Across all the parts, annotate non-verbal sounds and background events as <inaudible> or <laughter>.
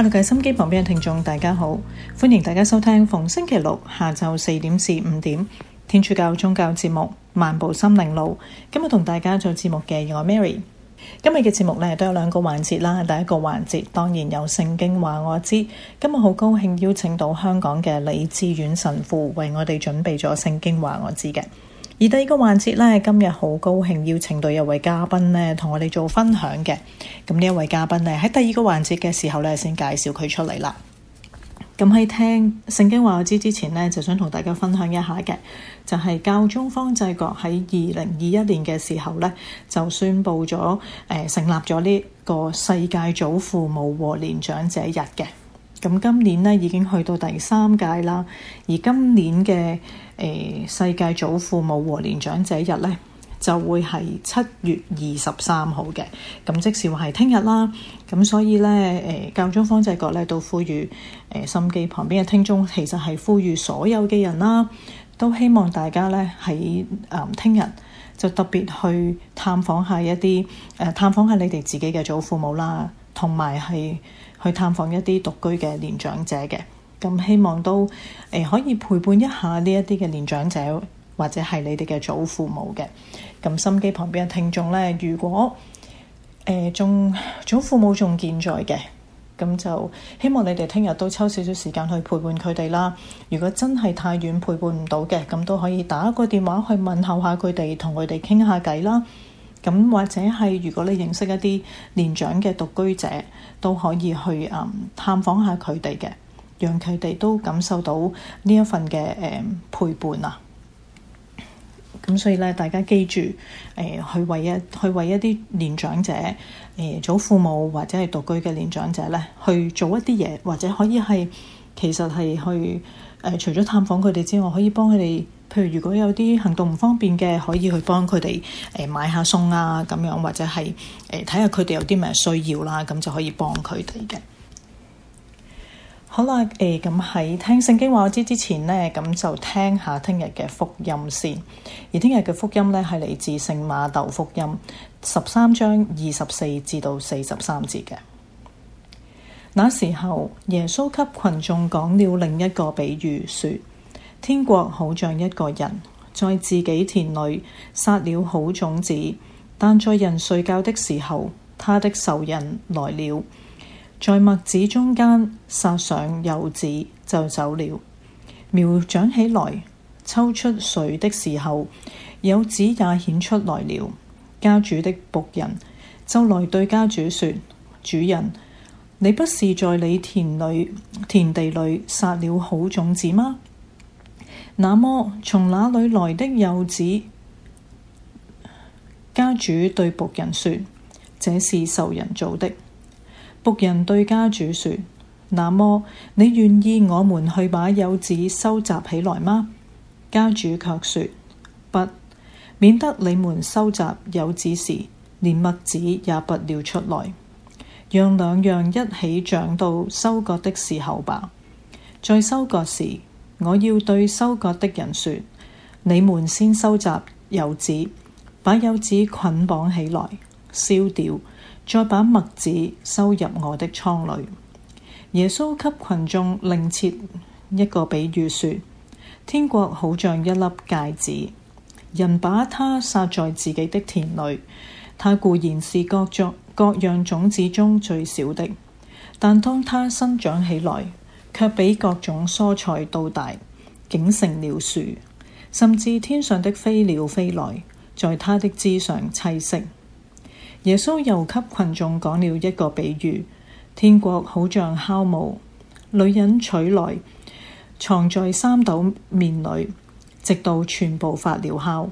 喺你嘅心機旁邊嘅聽眾，大家好，歡迎大家收聽逢星期六下晝四點至五點天主教宗教節目《漫步心靈路》。今日同大家做節目嘅我係 Mary，今日嘅節目呢，都有兩個環節啦。第一個環節當然有聖經話我知，今日好高興邀請到香港嘅李志遠神父為我哋準備咗聖經話我知嘅。而第二個環節咧，今日好高興邀請到一位嘉賓咧，同我哋做分享嘅。咁呢一位嘉賓咧，喺第二個環節嘅時候咧，先介紹佢出嚟啦。咁喺聽聖經話我知之前呢，就想同大家分享一下嘅，就係、是、教宗方濟各喺二零二一年嘅時候咧，就宣布咗誒、呃、成立咗呢、這個世界祖父母和年長者日嘅。咁今年呢，已經去到第三屆啦，而今年嘅誒世界祖父母和年長者日呢，就會係七月二十三號嘅。咁即係話係聽日啦，咁所以呢，誒、呃、教宗方濟各呢都呼籲誒、呃、心機旁邊嘅聽眾，其實係呼籲所有嘅人啦，都希望大家呢，喺誒聽日就特別去探訪下一啲誒、呃、探訪下你哋自己嘅祖父母啦，同埋係去探訪一啲獨居嘅年長者嘅。咁希望都誒可以陪伴一下呢一啲嘅年長者，或者係你哋嘅祖父母嘅。咁心機旁邊嘅聽眾咧，如果誒仲祖父母仲健在嘅，咁就希望你哋聽日都抽少少時間去陪伴佢哋啦。如果真係太遠陪伴唔到嘅，咁都可以打個電話去問候下佢哋，同佢哋傾下偈啦。咁或者係如果你認識一啲年長嘅獨居者，都可以去啊探訪下佢哋嘅。讓佢哋都感受到呢一份嘅誒、呃、陪伴啊！咁所以咧，大家記住誒、呃，去為一去為一啲年長者誒，祖、呃、父母或者係獨居嘅年長者咧，去做一啲嘢，或者可以係其實係去誒、呃，除咗探訪佢哋之外，可以幫佢哋。譬如如果有啲行動唔方便嘅，可以去幫佢哋誒買下餸啊，咁樣或者係誒睇下佢哋有啲咩需要啦，咁就可以幫佢哋嘅。好啦，誒、欸，咁喺聽聖經話知之前呢，咁就聽下聽日嘅福音先。而聽日嘅福音呢，係嚟自聖馬竇福音十三章二十四至到四十三節嘅。字那時候，耶穌給群眾講了另一個比喻，說：天國好像一個人在自己田裏撒了好種子，但在人睡覺的時候，他的仇人來了。在麥子中間撒上幼子就走了。苗長起來，抽出穗的時候，幼子也顯出來了。家主的僕人就來對家主說：主人，你不是在你田裏、田地裏撒了好種子嗎？那麼從哪裏來的幼子？家主對僕人說：這是仇人做的。僕人對家主說：那麼你願意我們去把莠子收集起來嗎？家主卻說：不，免得你們收集莠子時連麥子也拔了出來，讓兩樣一起長到收割的時候吧。在收割時，我要對收割的人說：你們先收集莠子，把莠子捆綁起來，燒掉。再把麥子收入我的倉裏。耶穌給群眾另設一個比喻說：天國好像一粒芥子，人把它撒在自己的田裏，它固然是各種各樣種子中最小的，但當它生長起來，卻比各種蔬菜都大，竟成了樹，甚至天上的飛鳥飛來，在它的枝上棲息。耶穌又給群眾講了一個比喻：天國好像酵母，女人取來藏在三斗麵裏，直到全部發了酵。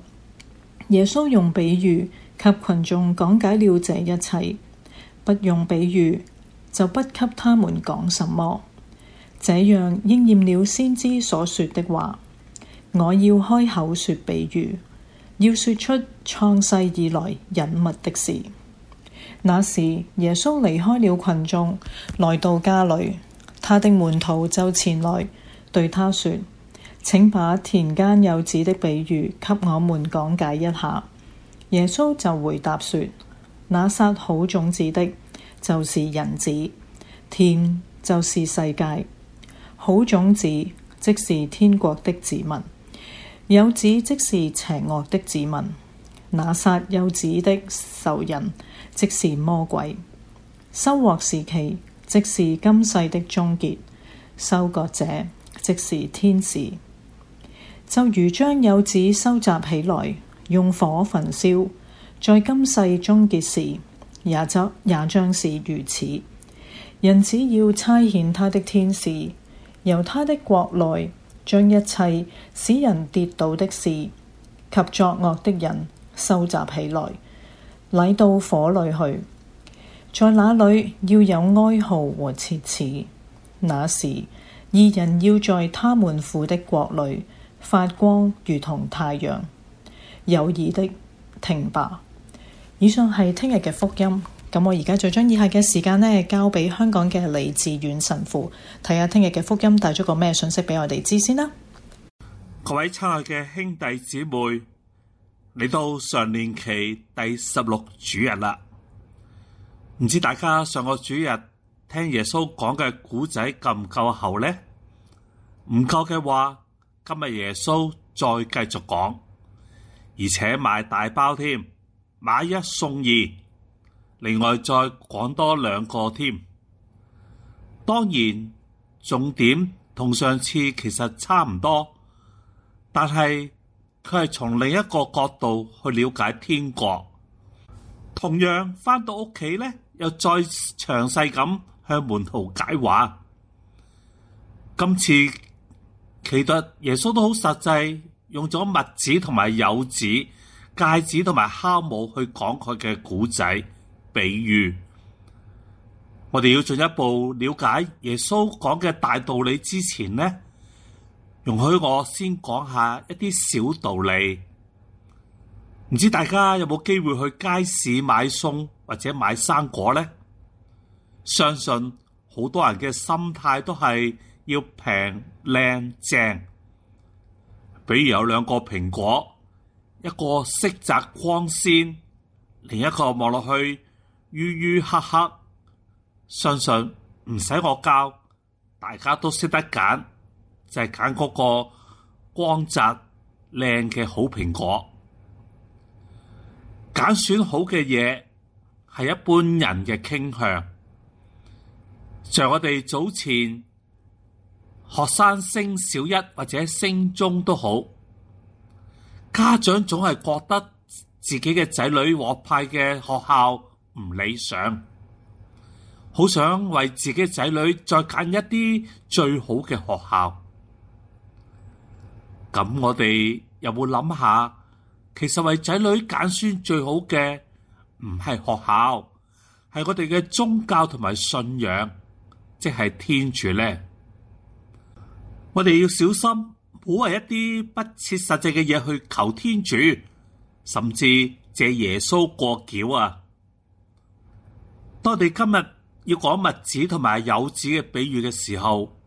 耶穌用比喻給群眾講解了這一切，不用比喻就不給他們講什麼，這樣應驗了先知所說的話：我要開口說比喻，要說出創世以來隱密的事。那時耶穌離開了群眾，來到家裏，他的門徒就前來對他說：請把田間莠子的比喻給我們講解一下。耶穌就回答說：那撒好種子的，就是人子；田就是世界，好種子即是天國的子民，莠子即是邪惡的子民。那殺莠子的仇人，即是魔鬼；收穫時期，即是今世的終結。收割者，即是天使。 <noise> 就如將莠子收集起來，用火焚燒，在今世終結時，也則也將是如此。人只要差遣他的天使，由他的國內將一切使人跌倒的事及作惡的人，收集起來，攞到火裏去，在那裏要有哀號和切齒。那時，二人要在他們父的國裏發光，如同太陽。友意的，聽罷。以上係聽日嘅福音。咁我而家就將以下嘅時間咧，交俾香港嘅李志遠神父，睇下聽日嘅福音帶咗個咩信息俾我哋知先啦。各位親愛嘅兄弟姊妹，嚟到常年期第十六主日啦，唔知大家上個主日聽耶穌講嘅古仔夠唔夠厚呢？唔夠嘅話，今日耶穌再繼續講，而且買大包添，買一送二，另外再講多兩個添。當然，重點同上次其實差唔多，但係。佢係從另一個角度去了解天國，同樣返到屋企咧，又再詳細咁向門徒解話。今次其實耶穌都好實際，用咗麥子同埋柚子、芥子同埋酵母去講佢嘅古仔比喻。我哋要進一步了解耶穌講嘅大道理之前咧。容許我先講下一啲小道理，唔知大家有冇機會去街市買餸或者買生果呢？相信好多人嘅心態都係要平靚正。比如有兩個蘋果，一個色澤光鮮，另一個望落去淤淤黑黑，相信唔使我教，大家都識得揀。就係揀嗰個光澤靚嘅好蘋果，揀選，選好嘅嘢係一般人嘅傾向。像我哋早前學生升小一或者升中都好，家長總係覺得自己嘅仔女獲派嘅學校唔理想，好想為自己仔女再揀一啲最好嘅學校。咁我哋又會諗下，其實為仔女揀選最好嘅唔係學校，係我哋嘅宗教同埋信仰，即係天主呢。我哋要小心，唔好為一啲不切實際嘅嘢去求天主，甚至借耶穌過橋啊！當我哋今日要講物子同埋有子嘅比喻嘅時候。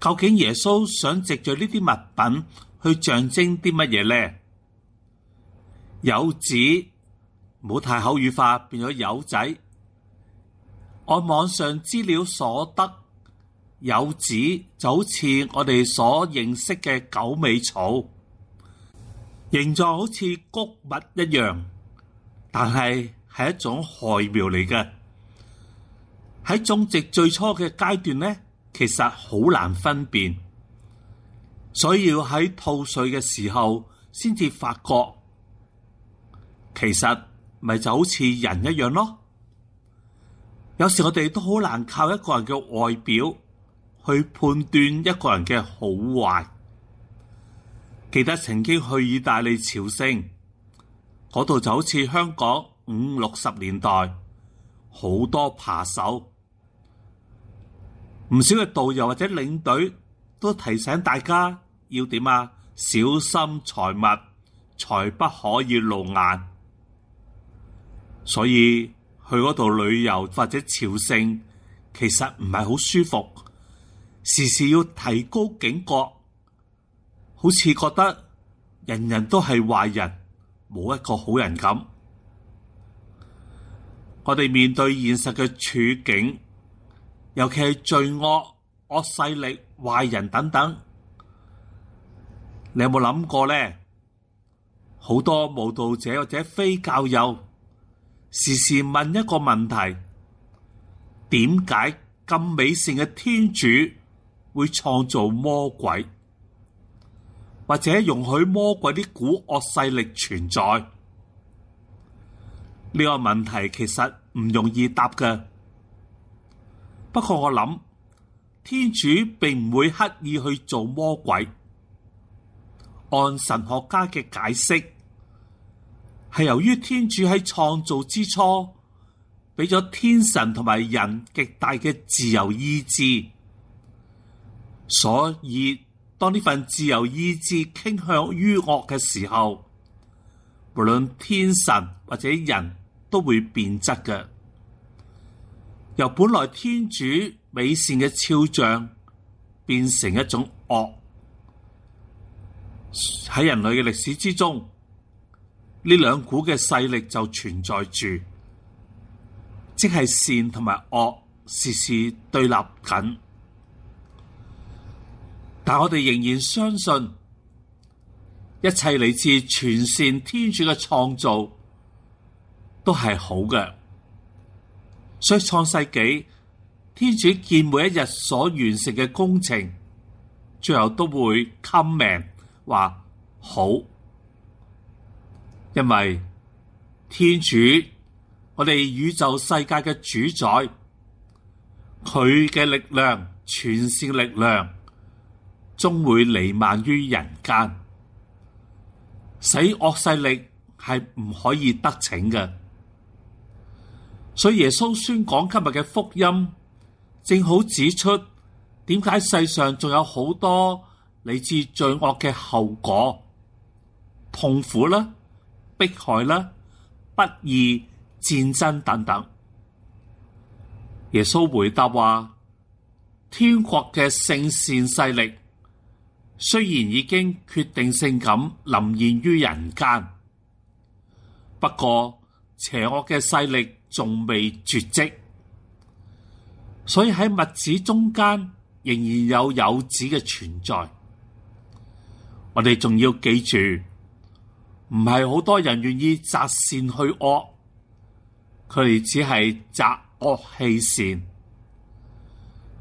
究竟耶穌想藉着呢啲物品去象徵啲乜嘢咧？有子，唔好太口語化，變咗有仔。按網上資料所得，「有子」就好似我哋所認識嘅狗尾草，形狀好似穀物一樣，但係係一種害苗嚟嘅。喺種植最初嘅階段咧。其實好難分辨，所以要喺套水嘅時候先至發覺，其實咪就好似人一樣咯。有時我哋都好難靠一個人嘅外表去判斷一個人嘅好壞。記得曾經去意大利朝聖，嗰度就好似香港五六十年代好多扒手。唔少嘅導遊或者領隊都提醒大家要點啊，小心財物，財不可以露眼。所以去嗰度旅遊或者朝聖，其實唔係好舒服，時時要提高警覺，好似覺得人人都係壞人，冇一個好人咁。我哋面對現實嘅處境。尤其係罪惡、惡勢力、壞人等等，你有冇諗過咧？好多慕道者或者非教友，時時問一個問題：點解咁美善嘅天主會創造魔鬼，或者容許魔鬼啲古惡勢力存在？呢、這個問題其實唔容易答嘅。不過我諗，天主並唔會刻意去做魔鬼。按神學家嘅解釋，係由於天主喺創造之初，俾咗天神同埋人極大嘅自由意志，所以當呢份自由意志傾向於惡嘅時候，無論天神或者人都會變質嘅。由本來天主美善嘅肖像，變成一種惡喺人類嘅歷史之中，呢兩股嘅勢力就存在住，即係善同埋惡，時時對立緊。但我哋仍然相信，一切嚟自全善天主嘅創造，都係好嘅。所以創世紀，天主見每一日所完成嘅工程，最後都會禁命，話好，因為天主，我哋宇宙世界嘅主宰，佢嘅力量，全善力量，終會彌漫於人間，使惡勢力係唔可以得逞嘅。所以耶穌宣講今日嘅福音，正好指出點解世上仲有好多嚟自罪惡嘅後果、痛苦啦、迫害啦、不義、戰爭等等。耶穌回答話，天國嘅聖善勢力雖然已經決定性咁臨現於人間，不過邪惡嘅勢力。仲未絕跡，所以喺物質中間仍然有有子嘅存在。我哋仲要記住，唔係好多人願意擇善去惡，佢哋只係擇惡棄善。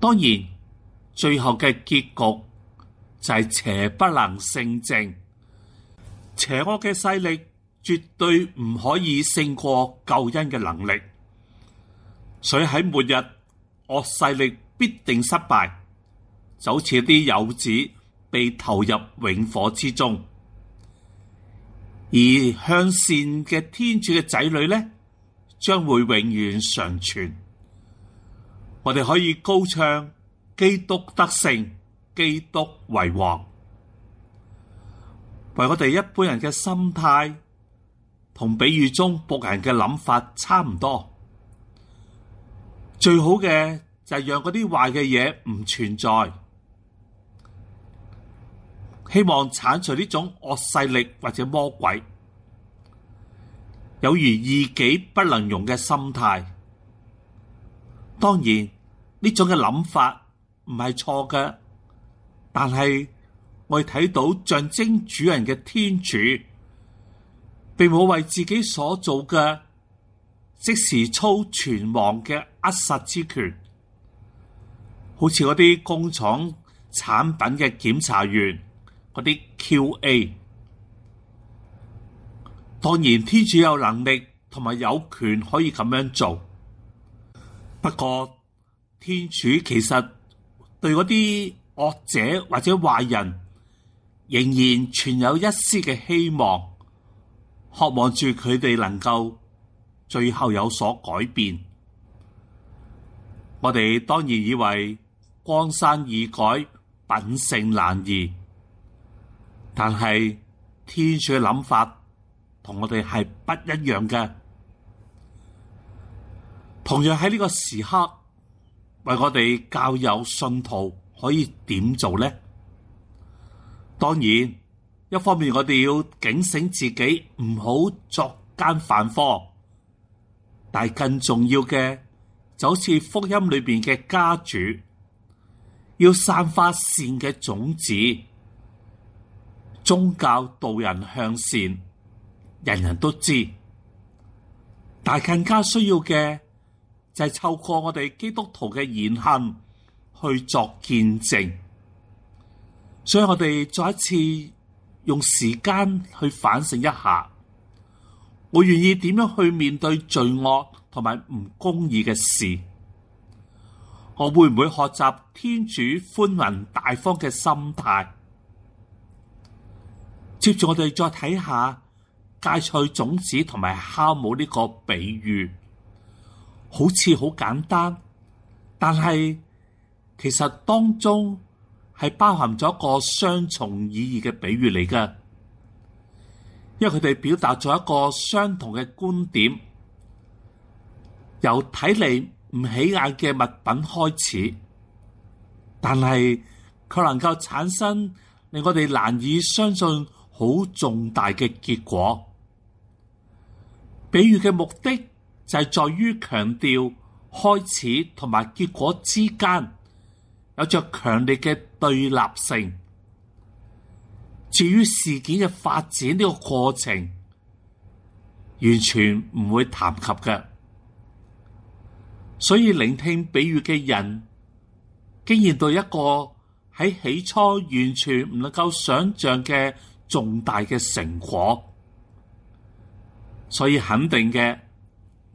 當然，最後嘅結局就係邪不能勝正，邪惡嘅勢力。絕對唔可以勝過救恩嘅能力，所以喺末日惡勢力必定失敗，就好似啲友子被投入永火之中，而向善嘅天主嘅仔女呢，將會永遠常存。我哋可以高唱基督得勝，基督為王，為我哋一般人嘅心態。同比喻中僕人嘅諗法差唔多，最好嘅就係讓嗰啲壞嘅嘢，唔存在，希望鏟除呢種惡勢力或者魔鬼，有如異己不能容嘅心態。當然，呢種嘅諗法唔係錯嘅，但係我睇到象徵主人嘅天主。並冇為自己所做嘅即時操存亡嘅扼殺之權，好似嗰啲工廠產品嘅檢查員，嗰啲 QA。當然，天主有能力同埋有權可以咁樣做。不過，天主其實對嗰啲惡者或者壞人，仍然存有一絲嘅希望。渴望住佢哋能夠最後有所改變，我哋當然以為江山易改，品性難移。但係天主嘅諗法同我哋係不一樣嘅。同樣喺呢個時刻，為我哋教友信徒可以點做呢？當然。一方面我哋要警醒自己唔好作奸犯科，但更重要嘅就好似福音裏邊嘅家主，要散發善嘅種子，宗教導人向善，人人都知，但更加需要嘅就係透過我哋基督徒嘅言行去作見證，所以我哋再一次。用時間去反省一下，我願意點樣去面對罪惡同埋唔公義嘅事？我會唔會學習天主寬宏大方嘅心態？接住我哋再睇下芥菜種子同埋酵母呢個比喻，好似好簡單，但係其實當中。係包含咗一個雙重意義嘅比喻嚟㗎，因為佢哋表達咗一個相同嘅觀點，由睇嚟唔起眼嘅物品開始，但係佢能夠產生令我哋難以相信好重大嘅結果。比喻嘅目的就係在於強調開始同埋結果之間。有着強烈嘅對立性，至於事件嘅發展呢個過程，完全唔會談及嘅。所以，聆聽比喻嘅人，經驗到一個喺起初完全唔能夠想像嘅重大嘅成果。所以，肯定嘅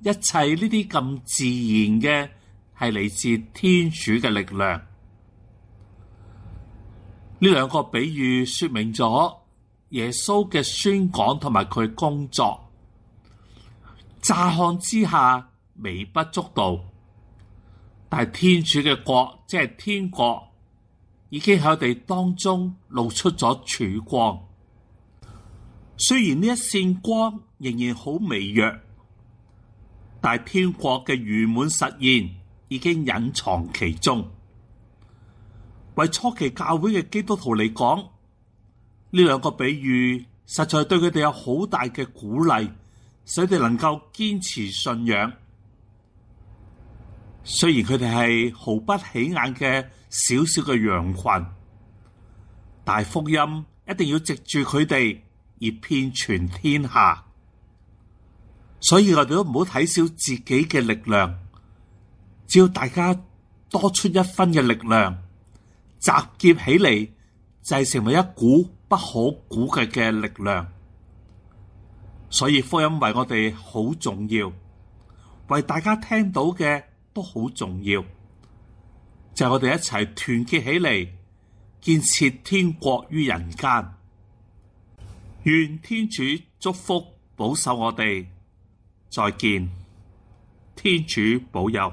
一切呢啲咁自然嘅，係嚟自天主嘅力量。呢兩個比喻說明咗耶穌嘅宣講同埋佢工作，乍看之下微不足道，但係天主嘅國，即係天國，已經喺我哋當中露出咗曙光。雖然呢一線光仍然好微弱，但係天國嘅圓滿實現已經隱藏其中。為初期教會嘅基督徒嚟講，呢兩個比喻實在對佢哋有好大嘅鼓勵，使佢哋能夠堅持信仰。雖然佢哋係毫不起眼嘅小小嘅羊群，但係福音一定要藉住佢哋而遍全天下。所以，我哋都唔好睇小自己嘅力量，只要大家多出一分嘅力量。集結起嚟就係成為一股不可估計嘅力量，所以福音為我哋好重要，為大家聽到嘅都好重要，就係我哋一齊團結起嚟，建設天國於人間。願天主祝福保守我哋，再見，天主保佑。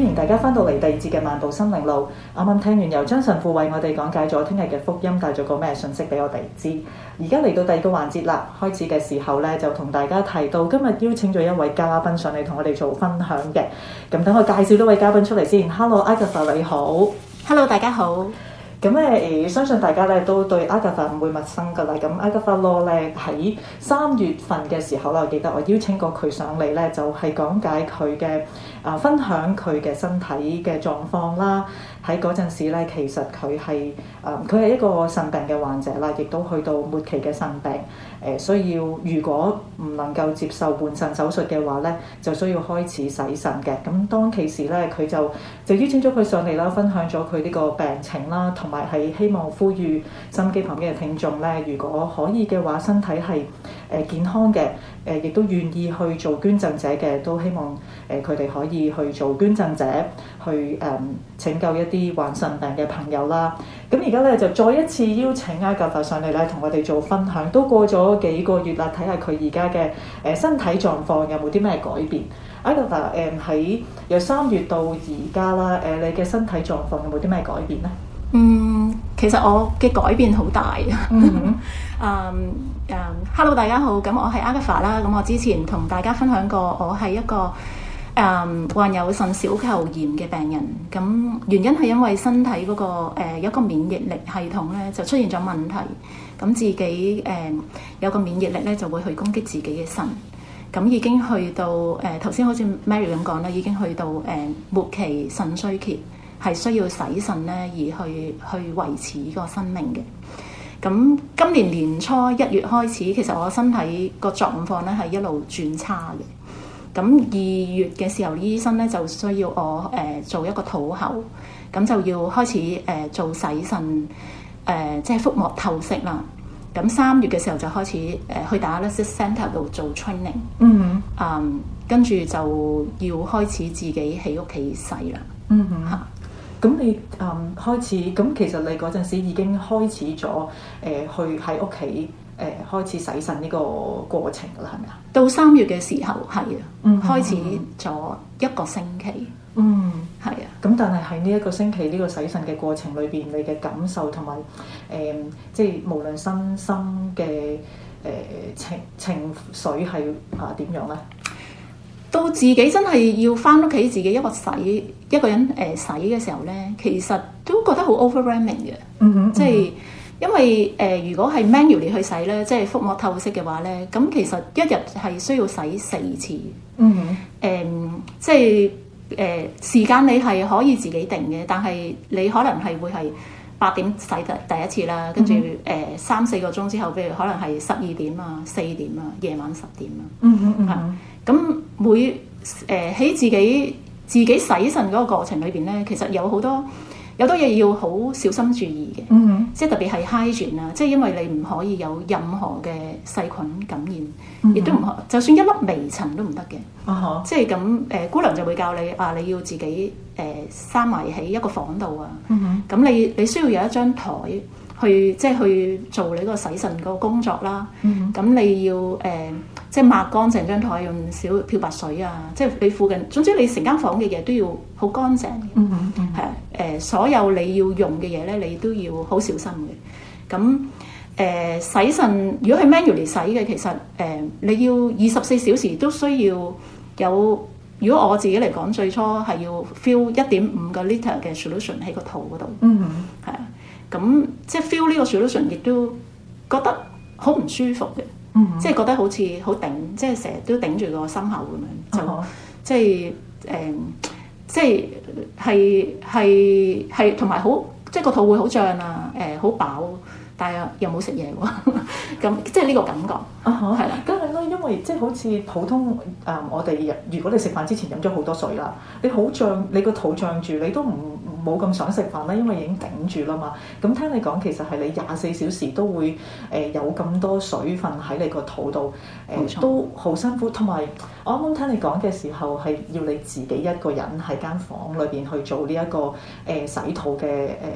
歡迎大家翻到嚟第二節嘅漫步心靈路。啱啱聽完由張神父為我哋講解咗聽日嘅福音，帶咗個咩信息俾我哋知。而家嚟到第二個環節啦，開始嘅時候咧就同大家提到，今日邀請咗一位嘉賓上嚟同我哋做分享嘅。咁等我介紹呢位嘉賓出嚟先。Hello，Agatha 你好。Hello，大家好。咁咧，誒，相信大家咧都對 Agatha 唔會陌生噶啦。咁 Agatha Law 咧喺三月份嘅時候咧，我記得我邀請過佢上嚟咧，就係講解佢嘅。啊，分享佢嘅身體嘅狀況啦，喺嗰陣時咧，其實佢係啊，佢、呃、係一個腎病嘅患者啦，亦都去到末期嘅腎病。誒、呃，需要如果唔能夠接受換腎手術嘅話咧，就需要開始洗腎嘅。咁當其時咧，佢就就邀請咗佢上嚟啦，分享咗佢呢個病情啦，同埋係希望呼籲收音機旁邊嘅聽眾咧，如果可以嘅話，身體係誒、呃、健康嘅。誒亦、呃、都願意去做捐贈者嘅，都希望誒佢哋可以去做捐贈者，去誒、呃、拯救一啲患腎病嘅朋友啦。咁而家咧就再一次邀請阿格達上嚟咧，同我哋做分享。都過咗幾個月啦，睇下佢而家嘅誒身體狀況有冇啲咩改變？阿格達誒喺由三月到而家啦，誒、呃、你嘅身體狀況有冇啲咩改變咧？嗯，其實我嘅改變好大啊！嗯哼、 <laughs> um, Hello 大家好。咁我係 Agatha 啦。咁我之前同大家分享過，我係一個誒、嗯、患有腎小球炎嘅病人。咁原因係因為身體嗰、那個誒、呃、一個免疫力系統咧就出現咗問題。咁自己誒、呃、有個免疫力咧就會去攻擊自己嘅腎。咁已經去到誒頭先好似 Mary 咁講啦，已經去到誒、呃呃、末期腎衰竭，係需要洗腎咧而去去維持呢個生命嘅。咁今年年初一月開始，其實我身體個狀況咧係一路轉差嘅。咁二月嘅時候，醫生咧就需要我誒、呃、做一個土喉，咁就要開始誒、呃、做洗腎誒、呃，即係腹膜透析啦。咁三月嘅時候就開始誒、呃、去打呢啲 centre 度做 training，mm hmm. 嗯，啊，跟住就要開始自己喺屋企洗啦，嗯哼、mm，嚇、hmm. 啊。咁你嗯開始咁，其實你嗰陣時已經開始咗誒、呃，去喺屋企誒開始洗腎呢個過程㗎啦，係咪啊？到三月嘅時候係啊，開始咗一個星期。嗯，係啊的。咁、嗯、但係喺呢一個星期呢、呢個洗腎嘅過程裏邊，你嘅感受同埋誒，即係無論身心嘅誒、呃、情情緒係啊點樣咧？到自己真係要翻屋企自己一個洗。一個人誒、呃、洗嘅時候咧，其實都覺得好 overwhelming 嘅，mm hmm. 即係因為誒、呃、如果係 manually 你去洗咧，即係腹膜透析嘅話咧，咁、嗯、其實一日係需要洗四次，誒、mm hmm. 呃、即係誒、呃、時間你係可以自己定嘅，但係你可能係會係八點洗第第一次啦，跟住誒三四個鐘之後，譬如可能係十二點啊、四點啊、夜晚十點啊，係咁每誒喺、呃、自己。自己洗腎嗰個過程裏邊咧，其實有好多有多嘢要好小心注意嘅，mm hmm. 即係特別係 hygiene 啊！即係因為你唔可以有任何嘅細菌感染，亦都唔可，就算一粒微塵都唔得嘅。Uh huh. 即係咁，誒、呃、姑娘就會教你啊！你要自己誒，閂埋喺一個房度啊。咁、mm hmm. 你你需要有一張台去，即係去做你嗰個洗腎嗰個工作啦。咁、mm hmm. 你要誒。呃即係抹乾淨張台用小漂白水啊！即係你附近，總之你成間房嘅嘢都要好乾淨嘅。嗯嗯嗯。係誒，所有你要用嘅嘢咧，你都要好小心嘅。咁誒，洗腎如果係 manual 嚟洗嘅，其實誒，你要二十四小時都需要有。如果我自己嚟講，最初係要 fill 一點五個 liter 嘅 solution 喺個肚嗰度。嗯。係啊，咁即係 fill 呢個 solution 亦都覺得好唔舒服嘅。嗯、即係覺得好似好頂，即係成日都頂住個心口咁樣，嗯、哼就即係誒，即係係係係同埋好，即係個肚會好脹啊，誒、呃、好飽。但又又冇食嘢喎，咁即係呢個感覺。啊哈，係啦的，梗係囉，因為即係、就是、好似普通誒、嗯，我哋如果你食飯之前飲咗好多水啦，你好脹，你個肚脹住，你都唔冇咁想食飯啦，因為已經頂住啦嘛。咁聽你講，其實係你廿四小時都會誒、呃、有咁多水分喺你個肚度，誒、呃、錯都好辛苦。同埋我啱啱聽你講嘅時候，係要你自己一個人喺間房裏邊去做呢、這、一個誒、呃、洗肚嘅誒。呃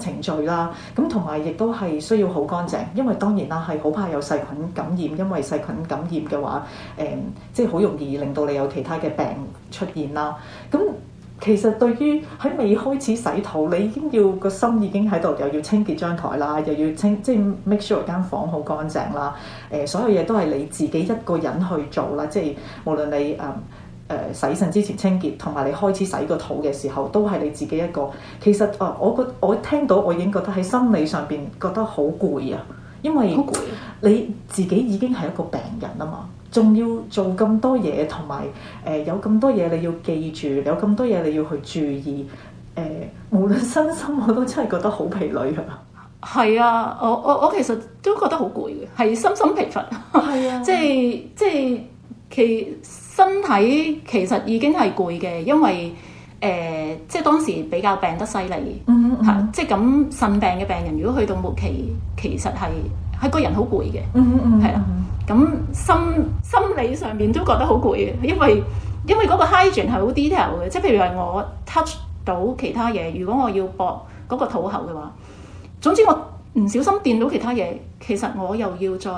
程，程序啦，咁同埋亦都係需要好乾淨，因為當然啦係好怕有細菌感染，因為細菌感染嘅話，誒即係好容易令到你有其他嘅病出現啦。咁、嗯、其實對於喺未開始洗肚，你已經要個心已經喺度，又要清潔張台啦，又要清即係、就是、make sure 間房好乾淨啦。誒、嗯，所有嘢都係你自己一個人去做啦，即、就、係、是、無論你誒。嗯誒洗腎之前清潔，同埋你開始洗個肚嘅時候，都係你自己一個。其實啊，我覺我聽到我已經覺得喺心理上邊覺得好攰啊，因為你自己已經係一個病人啊嘛，仲要做咁多嘢，同埋誒呃、有咁多嘢你要記住，有咁多嘢你要去注意。誒、呃，無論身心我都真係覺得好疲累啊。係啊，我我我其實都覺得好攰嘅，係身心疲乏。係 <laughs> 啊，即係即係其。身體其實已經係攰嘅，因為誒、呃，即係當時比較病得犀利嚇。即係咁腎病嘅病人，如果去到末期，其實係係個人好攰嘅，係啦、mm。咁、hmm. 嗯 hmm. 嗯、心心理上面都覺得好攰嘅，因為因為嗰個 hygiene 係好 detail 嘅，即係譬如話我 touch 到其他嘢，如果我要搏嗰個肚喉嘅話，總之我唔小心掂到其他嘢，其實我又要再。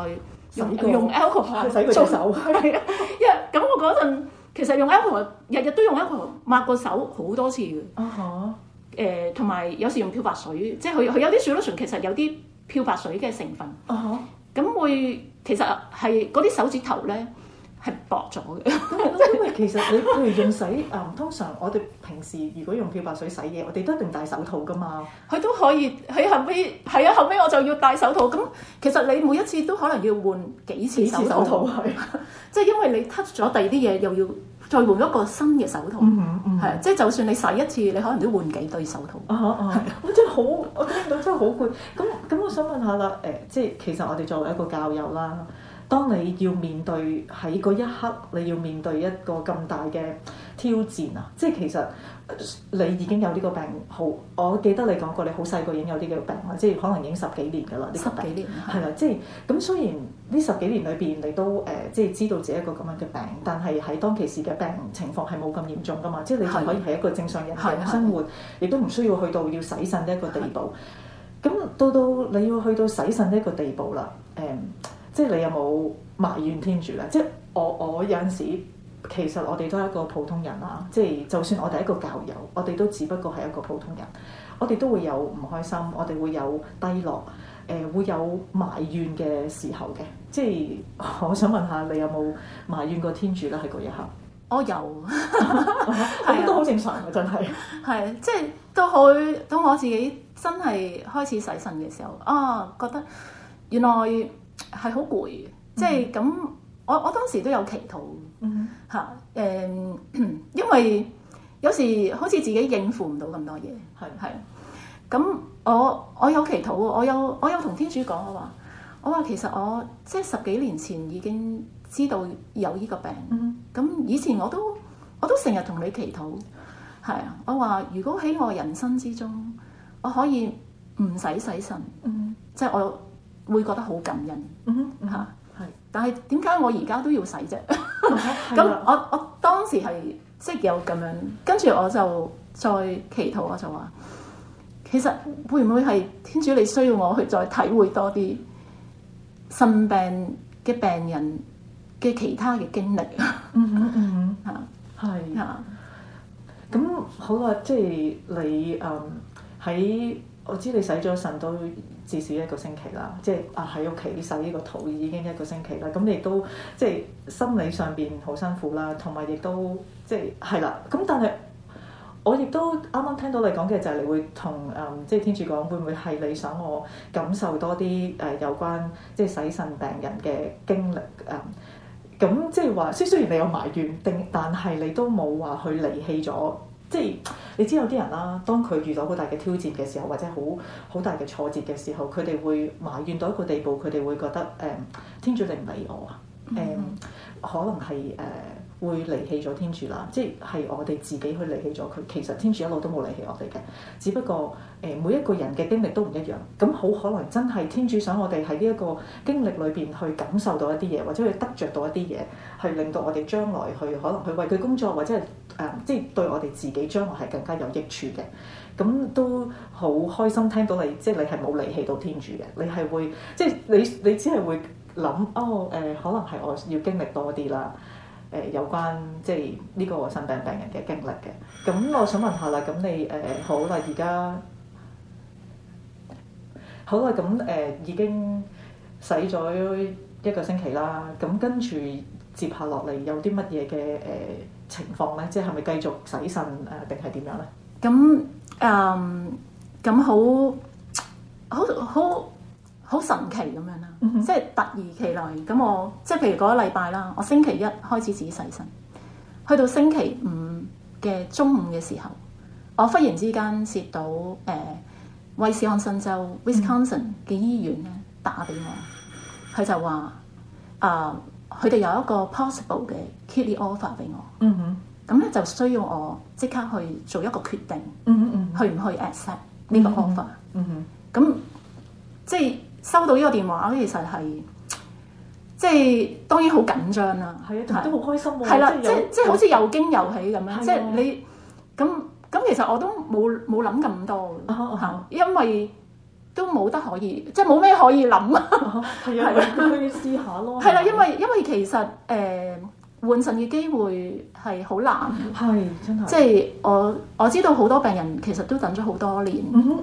用，過用 alcohol 擦手，係啊、 <laughs> <laughs> yeah，因為咁我嗰陣其實用 alcohol 日日都用 alcohol 抹個手好多次嘅。啊哈、uh。同、huh. 埋、呃、有，有時用漂白水，即係佢佢有啲 solution 其實有啲漂白水嘅成分。啊咁、uh huh. 會其實係嗰啲手指頭咧。係薄咗嘅，因為其實你譬如用洗啊，通常我哋平時如果用漂白水洗嘢，我哋都一定戴手套噶嘛。佢都可以，喺後尾係啊，後尾我就要戴手套。咁其實你每一次都可能要換幾次手套係，即係因為你 touch 咗第二啲嘢，又要再換一個新嘅手套。係、嗯嗯嗯嗯，即係、啊、就算你洗一次，你可能都換幾對手套。啊，啊啊，啊真係好，我聽到真係好攰。咁咁，我想問下啦，誒，即係其實我哋作為一個教友啦。當你要面對喺嗰一刻，你要面對一個咁大嘅挑戰啊！即係其實你已經有呢個病好，我記得你講過你好細個已經有呢個，個病，即係可能已經十幾年噶啦呢十幾年，係啦的，即係咁。雖然呢十幾年裏邊你都誒、呃，即係知道自己一個咁樣嘅病，但係喺當其時嘅病情況係冇咁嚴重噶嘛，即係的你就可以係一個正常人嘅生活，亦都唔需要去到要洗腎呢一個地步。咁到的的到你要去到洗腎呢一個地步啦，誒、嗯。即係你有冇埋怨天主咧？即係我我有陣時，其實我哋都係一個普通人啦。即係就算我哋係一個教友，我哋都只不過係一個普通人。我哋都會有唔開心，我哋會有低落，誒、呃、會有埋怨嘅時候嘅。即係我想問下你有冇埋怨過天主咧？喺嗰一刻，我有， <laughs> <laughs> <laughs> <laughs> 都好正常啊！真係係 <laughs> 即係都好。當我自己真係開始洗腎嘅時候，啊覺得原來。係好攰嘅，mm hmm. 即係咁，我我當時都有祈禱嚇誒，因為有時好似自己應付唔到咁多嘢，係係、mm。咁、hmm. 我我有祈禱，我有我有同天主講，我話我話其實我即係十幾年前已經知道有呢個病，咁、mm hmm. 以前我都我都成日同你祈禱，係啊，我話如果喺我人生之中我可以唔使洗腎，即係、mm hmm. 我。會覺得好感人嚇，係、嗯。啊、但係點解我而家都要洗啫？咁、嗯啊、 <laughs> 我我當時係即係有咁樣，跟住我就再祈禱，我就話：其實會唔會係天主你需要我去再體會多啲腎病嘅病人嘅其他嘅經歷？嗯 <laughs> 嗯哼嚇係咁好啊，即、就、係、是、你誒喺、um, 我知你洗咗腎都。至少一個星期啦，即係啊喺屋企洗呢個肚已經一個星期啦，咁你都即係心理上邊好辛苦啦，同埋亦都即係係啦，咁但係我亦都啱啱聽到你講嘅就係你會同誒、嗯、即係天主講會唔會係你想我感受多啲誒、呃、有關即係洗腎病人嘅經歷啊？咁、嗯嗯、即係話雖雖然你有埋怨，定但係你都冇話去離棄咗。即係你知有啲人啦、啊，當佢遇到好大嘅挑戰嘅時候，或者好好大嘅挫折嘅時候，佢哋會埋怨到一個地步，佢哋會覺得誒、嗯、天主你唔理我啊，誒、嗯嗯、可能係誒。呃會離棄咗天主啦，即係我哋自己去離棄咗佢。其實天主一路都冇離棄我哋嘅，只不過誒、呃、每一個人嘅經歷都唔一樣。咁好可能真係天主想我哋喺呢一個經歷裏邊去感受到一啲嘢，或者去得着到一啲嘢，去令到我哋將來去可能去為佢工作，或者係誒、呃、即係對我哋自己將來係更加有益處嘅。咁都好開心聽到你，即係你係冇離棄到天主嘅，你係會即係你你只係會諗哦誒、呃，可能係我要經歷多啲啦。誒、呃、有關即係呢、這個腎病病人嘅經歷嘅，咁我想問下啦，咁你誒、呃、好啦，而家好啦，咁、嗯、誒、嗯、已經洗咗一個星期啦，咁跟住接下落嚟有啲乜嘢嘅誒情況咧？即係係咪繼續洗腎誒，定係點樣咧？咁誒、嗯，咁、嗯嗯嗯嗯、好好好好神奇咁樣啦～即係突如其來，咁我即係譬如嗰個禮拜啦，我星期一開始自己洗身，去到星期五嘅中午嘅時候，我忽然之間接到誒、呃、威、威士康辛州 （Wisconsin） 嘅醫院咧、嗯、打俾我，佢就話：啊、呃，佢哋有一個 possible 嘅 kitty offer 俾我，嗯哼，咁咧就需要我即刻去做一個決定，嗯嗯去唔去 accept 呢個 offer？嗯哼，咁、嗯嗯、即係。收到呢個電話，其實係即係當然好緊張啦，同埋的都好開心喎。係啦，即係即係好似又驚又喜咁樣，的即係你咁咁其實我都冇冇諗咁多啊啊，因為都冇得可以，即係冇咩可以諗，係啊，去試下咯。係啦，因為 <laughs> 因為其實誒。呃換腎嘅機會係好難，係真係，即係我我知道好多病人其實都等咗好多年，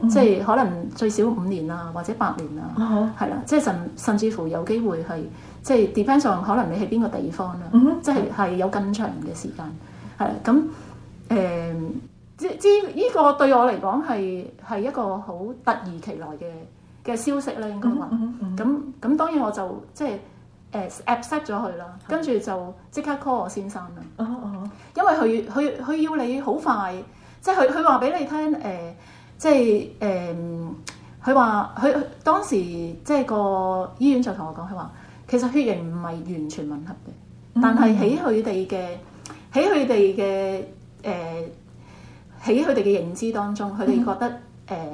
即係可能最少五年啦，或者八年啦，係啦，即係甚甚至乎有機會係即係 depends on 可能你係邊個地方啦，即係係有更長嘅時間，係啦，咁誒，呢呢個對我嚟講係係一個好突如其來嘅嘅消息啦，應該話，咁咁當然我就即係。誒、uh, accept 咗佢啦，跟住的就即刻 call 我先生啦、哦。哦哦，因為佢佢佢要你好快，即係佢佢話俾你聽誒，即係誒，佢話佢當時即係、就是、個醫院就同我講，佢話其實血型唔係完全吻合嘅，嗯、但係喺佢哋嘅喺佢哋嘅誒，喺佢哋嘅認知當中，佢哋、嗯、覺得誒、呃、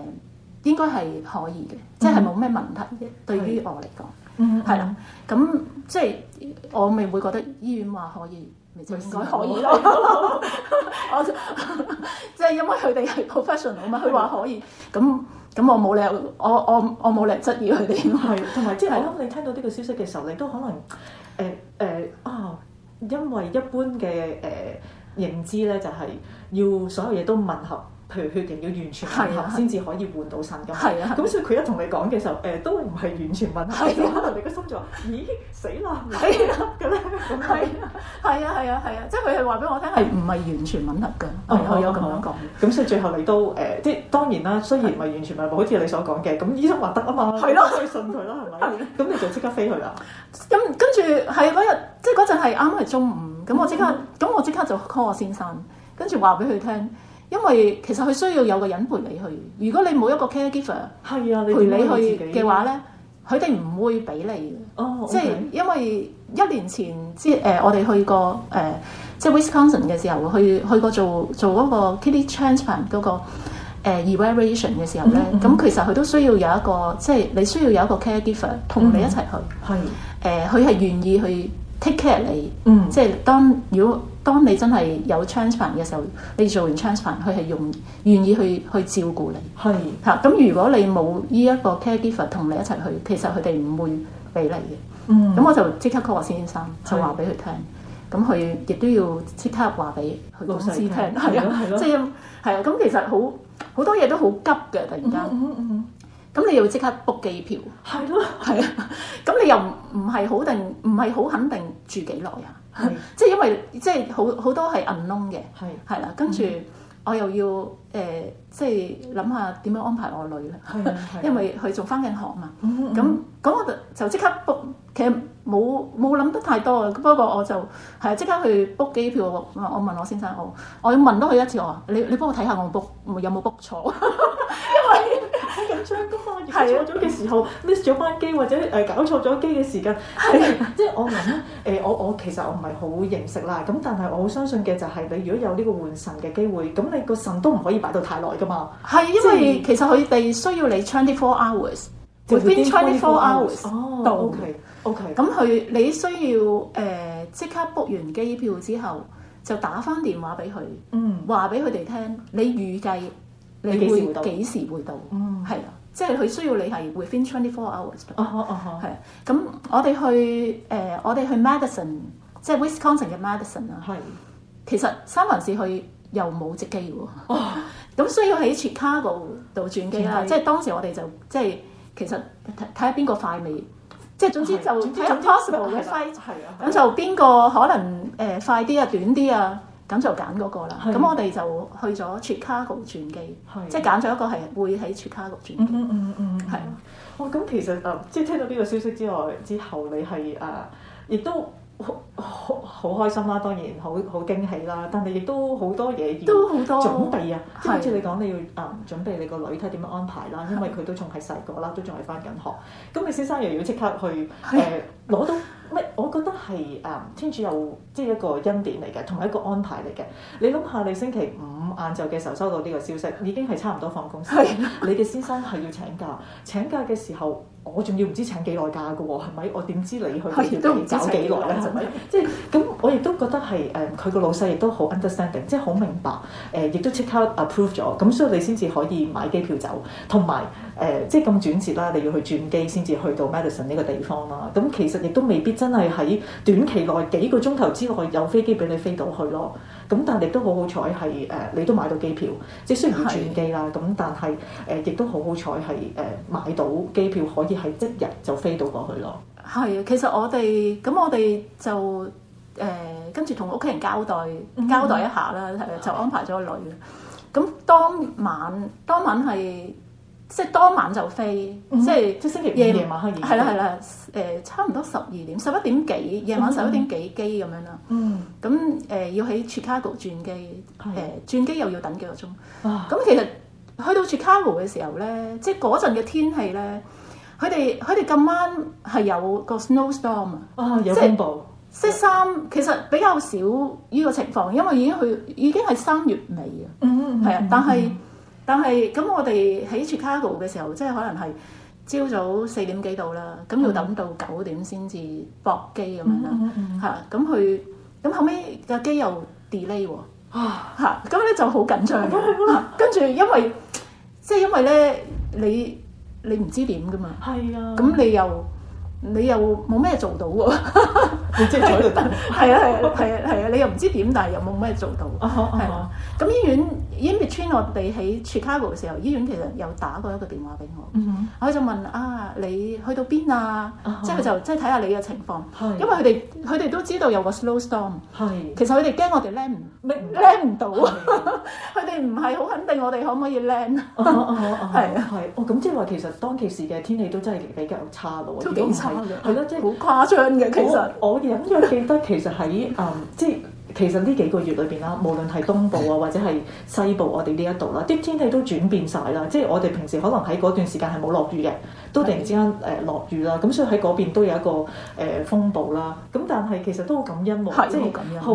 應該係可以嘅，即係冇咩問題嘅，嗯、對於我嚟講。嗯，係啦、mm，咁、hmm. <noise> 即係我未會覺得醫院話可以，咪就應該可以咯。 <laughs> <laughs> 我即係 <laughs> <laughs> 因為佢哋係 professional 啊嘛，佢話 <noise> 可以，咁咁我冇理由我我我冇理由質疑佢哋。同埋即係我哋聽到呢個消息嘅時候，你都可能誒誒啊，因為一般嘅誒認知咧，呃、就係要所有嘢都吻合。譬如血型要完全吻合先至可以換到腎咁，咁所以佢一同你講嘅時候，誒都唔係完全吻合，可能你個心就咦，死啦，係啊，咁樣係啊，係啊，係啊，係啊，即係佢係話俾我聽係唔係完全吻合嘅？係有咁樣講。咁所以最後你都誒，即係當然啦，雖然唔係完全吻合，好似你所講嘅，咁醫生話得啊嘛，係咯，可以信佢咯，係咪？咁你就即刻飛去啦。咁跟住係嗰日，即係嗰陣係啱係中午，咁我即刻，咁我即刻就 call 我先生，跟住話俾佢聽。因為其實佢需要有個人陪你去，如果你冇一個 care giver 陪、啊、你去嘅話咧，佢哋唔會俾你嘅。哦，即係因為一年前即係誒，我哋去過誒、呃，即係 Wisconsin 嘅時候，去去過做做嗰個 kidney transplant 嗰、那個、呃、evaluation 嘅時候咧，咁、mm hmm. 其實佢都需要有一個即係你需要有一個 care giver 同你一齊去。係誒、mm，佢、hmm. 係、呃、願意去 take care 你。嗯、mm，hmm. 即係當如果。當你真係有 transplant 嘅時候，你做完 transplant，佢係用願意去去照顧你。係是。嚇，咁如果你冇呢一個 caregiver 同你一齊去，其實佢哋唔會俾你嘅。嗯。咁我就即刻 call 阿先生，是就話俾佢聽。咁佢亦都要即刻話俾老細聽，係啊，即係，係啊，咁、啊啊啊、其實好好多嘢都好急嘅，突然間。咁、嗯嗯嗯嗯、你要即刻 book 機票。係咯。係啊。咁是、啊、 <laughs> 你又唔唔係好定唔係好肯定住幾耐啊？ <noise> 即係因為，即係好好多係銀窿嘅，係啦的，跟住我又要。誒、呃，即係諗下點樣安排我女咧，嗯嗯嗯、因為佢做翻緊學嘛。咁咁我就即刻 book，其實冇冇諗得太多啊。不過我就係即刻去 book 機票。我我問我先生，我我要問多佢一次，我話，你你幫我睇下我 book 有冇 book 錯， <laughs> <laughs> 因為喺咁緊張翻完錯咗嘅時候 <laughs> miss 咗班機或者誒搞錯咗機嘅時間，即係 <laughs> <laughs> 我諗咧、呃、我我其實我唔係好認識啦。咁但係我好相信嘅就係、是、你如果你有呢個換神嘅機會，咁你個神都唔可以。擺到太耐噶嘛係因為其實佢哋需要你 twenty four hours within twenty four hours 哦到 ok 咁佢你需要誒即刻 book 完機票之後就打翻電話俾佢嗯話俾佢哋聽你預計你會幾時會到嗯係啊即係佢需要你係 within twenty four hours 哦哦哦係啊咁我哋去誒我哋去 Madison 即係 Wisconsin 嘅 Madison 啊係其實三藩市去又冇直機喎，咁需要喺 Chicago 度轉機啦。即係當時我哋就即係其實睇下邊個快未，即係總之就 possible 嘅快，咁就邊個可能誒快啲啊短啲啊，咁就揀嗰個啦。咁我哋就去咗 Chicago 轉機，即係揀咗一個係會喺 Chicago 轉機。嗯啊，哦！咁其實誒，即係聽到呢個消息之外之後，你係誒，亦都。好好，好開心啦、啊，當然好好驚喜啦、啊，但係亦都好多嘢要準備啊，即係好似你講，你要誒、嗯、準備你個女睇點樣安排啦、啊，因為佢都仲係細個啦，都仲係翻緊學，咁是的 你先生又要即刻去誒攞是的、呃、到咩、嗯？我覺得係誒、嗯、天主又即係一個恩典嚟嘅，同一個安排嚟嘅。你諗下，你星期五晏晝嘅時候收到呢個消息，已經係差唔多放工時，你嘅先生係要請假，請假嘅時候。我仲要唔知請幾耐假嘅喎，係咪？我點知你去嗰邊搞幾耐咧？係咪？我亦都唔知請幾耐喇，係咪？ <laughs> 即係咁，我亦都覺得係誒，佢個老細亦都好 understanding，即係好明白誒，亦都即刻 approve 咗，咁所以你先至可以買機票走，同埋，誒、呃，即係咁轉折啦，你要去轉機先至去到 Madison 呢個地方啦、啊。咁、嗯、其實亦都未必真係喺短期內幾個鐘頭之外有飛機俾你飛到去咯。咁但係亦都好好彩係誒，你都買到機票，即係雖然轉機啦。咁是但係誒，亦、呃、都好好彩係誒買到機票，可以係一日就飛到過去咯。係啊，其實我哋咁，我哋就誒、呃、跟住同屋企人交代交代一下啦、嗯。就安排咗個女。咁當晚當晚係。嗯即係當晚就飛，即係即星期五夜晚黑，係啦係啦，誒差唔多十二點、十一點幾夜晚十一點幾機咁樣啦。嗯，咁誒要喺 Chicago 轉機，誒轉機又要等幾個鐘。哇！咁其實去到 Chicago 嘅時候咧，即係嗰陣嘅天氣咧，佢哋佢哋今晚係有個 snowstorm 啊，有風暴。即三其實比較少呢個情況，因為已經去已經係三月尾啊。嗯嗯嗯。係啊，但係。但係咁，我哋喺 Chicago 嘅時候，即係可能係朝早四點幾到啦，咁要等到九點先至駁機咁樣啦，嚇咁佢咁後尾架機又 delay 喎，嚇咁咧就好緊張，跟住、 <laughs> 嗯嗯、因為即係、就係、因為咧你你唔知點噶嘛，係啊， <laughs> <laughs> 啊，咁你又你又冇咩做到喎，你即係坐喺度等，係啊係啊係啊係啊，你又唔知點，但係又冇咩做到，係咁醫院。嗯嗯嗯嗯。已經我哋喺 travel 嘅時候，醫院其實有打過一個電話俾我，佢就問啊，你去到邊啊？即係就即係睇下你嘅情況，因為佢哋佢哋都知道有個 slow storm，其實佢哋驚我哋 land 唔 land 唔到，佢哋唔係好肯定我哋可唔可以 land，係啊，哦，咁即係話其實當其時嘅天氣都真係比較差咯，都幾差，係咯，即係好誇張嘅其實，我哋印象記得其實喺誒即係。其實呢幾個月裏邊啦，無論係東部啊或者係西部我，我哋呢一度啦，啲天氣都轉變晒啦。即係我哋平時可能喺嗰段時間係冇落雨嘅，都突然之間誒落雨啦。咁是所以喺嗰邊都有一個誒、呃、風暴啦。咁但係其實都好感恩喎，是即係好感恩，好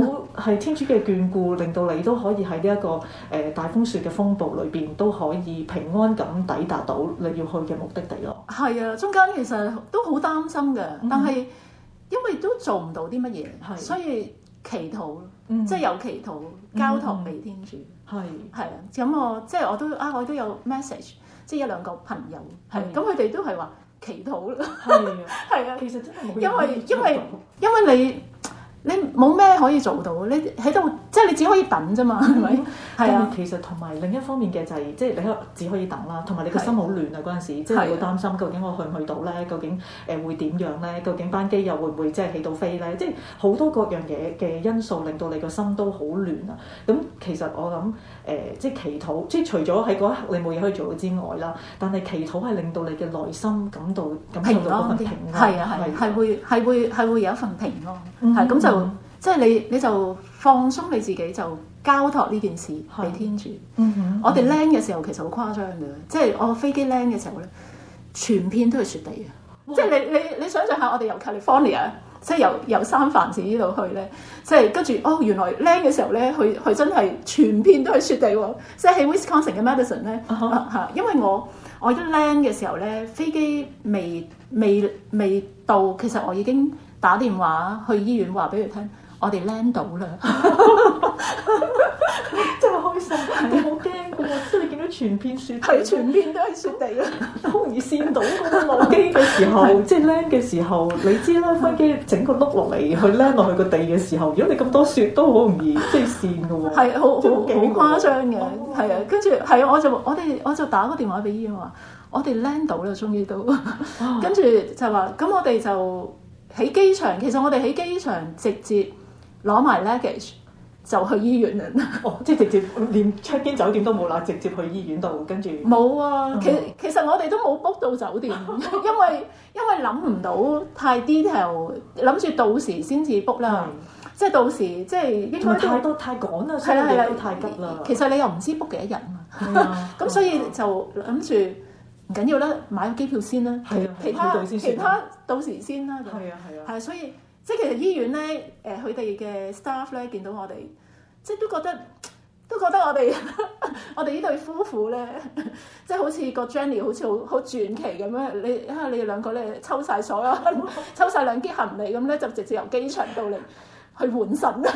係天主嘅眷顧，令到你都可以喺呢一個誒、呃、大風雪嘅風暴裏邊都可以平安咁抵達到你要去嘅目的地咯。係啊，中間其實都好擔心嘅，但係因為都做唔到啲乜嘢，所以。祈禱咯，嗯、即係有祈禱交託俾天主，係係啊，咁、嗯、我即係我都啊，我都有 message，即係一兩個朋友係，咁佢哋都係話祈禱咯，係 <laughs> 啊的，的其實真係唔會因為因為因為你。你冇咩可以做到，你喺度即係你只可以等啫嘛，係咪？係啊、嗯，其實同埋另一方面嘅就係、是、即係你喺度只可以等啦，同埋你個心好亂啊嗰陣時，即係你會擔心究竟我去唔去到咧？究竟誒、呃、會點樣咧？究竟班機又會唔會即係起到飛咧？即係好多各樣嘢嘅因素令到你個心都好亂啊。咁其實我諗誒、呃，即係祈禱，即係除咗喺嗰一刻你冇嘢可以做到之外啦，但係祈禱係令到你嘅內心感到平咯，係平係係會係會係會有一份平安，咁就。嗯、即係你你就放鬆你自己，就交託呢件事俾天主。嗯、我哋 land 嘅時候其實好誇張嘅，的即係我飛機 land 嘅時候咧，全片都係雪地啊！哦、即係你你你想象下我利利，我哋由 California 即係由由三藩市呢度去咧，即係跟住哦，原來 land 嘅時候咧，佢佢真係全片都係雪地，即係喺 Wisconsin 嘅 Madison 咧吓。因為我我一 land 嘅時候咧，飛機未未未，未，未到，其實我已經。打電話去醫院話俾佢聽，我哋 land 到啦，真係開心！你好驚嘅喎，即係你見到全片雪，係全片都係雪地啊，好容易跣到嗰個落機嘅時候，即係 land 嘅時候，你知啦，飛機整個碌落嚟，去 land 落去個地嘅時候，如果你咁多雪，都好容易即係跣嘅喎，係好好幾誇張嘅，係啊，跟住係啊，我就我哋我就打個電話俾醫院話，我哋 land 到啦，終於都，跟住就話咁我哋就。喺機場，其實我哋喺機場直接攞埋 luggage 就去醫院啦。哦，即係直接連出邊酒店都冇啦，直接去醫院度跟住。冇啊，其其實我哋都冇 book 到酒店，因為因為諗唔到太 detail，諗住到時先至 book 啦。即係到時即係應該都太趕啦，所以太急啦。其實你又唔知 book 幾多日嘛，咁所以就諗住唔緊要啦，買個機票先啦。係其他其他。到時先啦，咁係啊，係啊，係啊，所以即係其實醫院咧，誒、呃、佢哋嘅 staff 咧見到我哋，即係都覺得都覺得我哋 <laughs> 我哋呢對夫婦咧，即係好似個 Jenny 好似好好傳奇咁樣，你因為你哋兩個咧抽晒所有 <laughs> 抽晒兩機行李咁咧，就直接由機場到嚟去換腎啦， <laughs>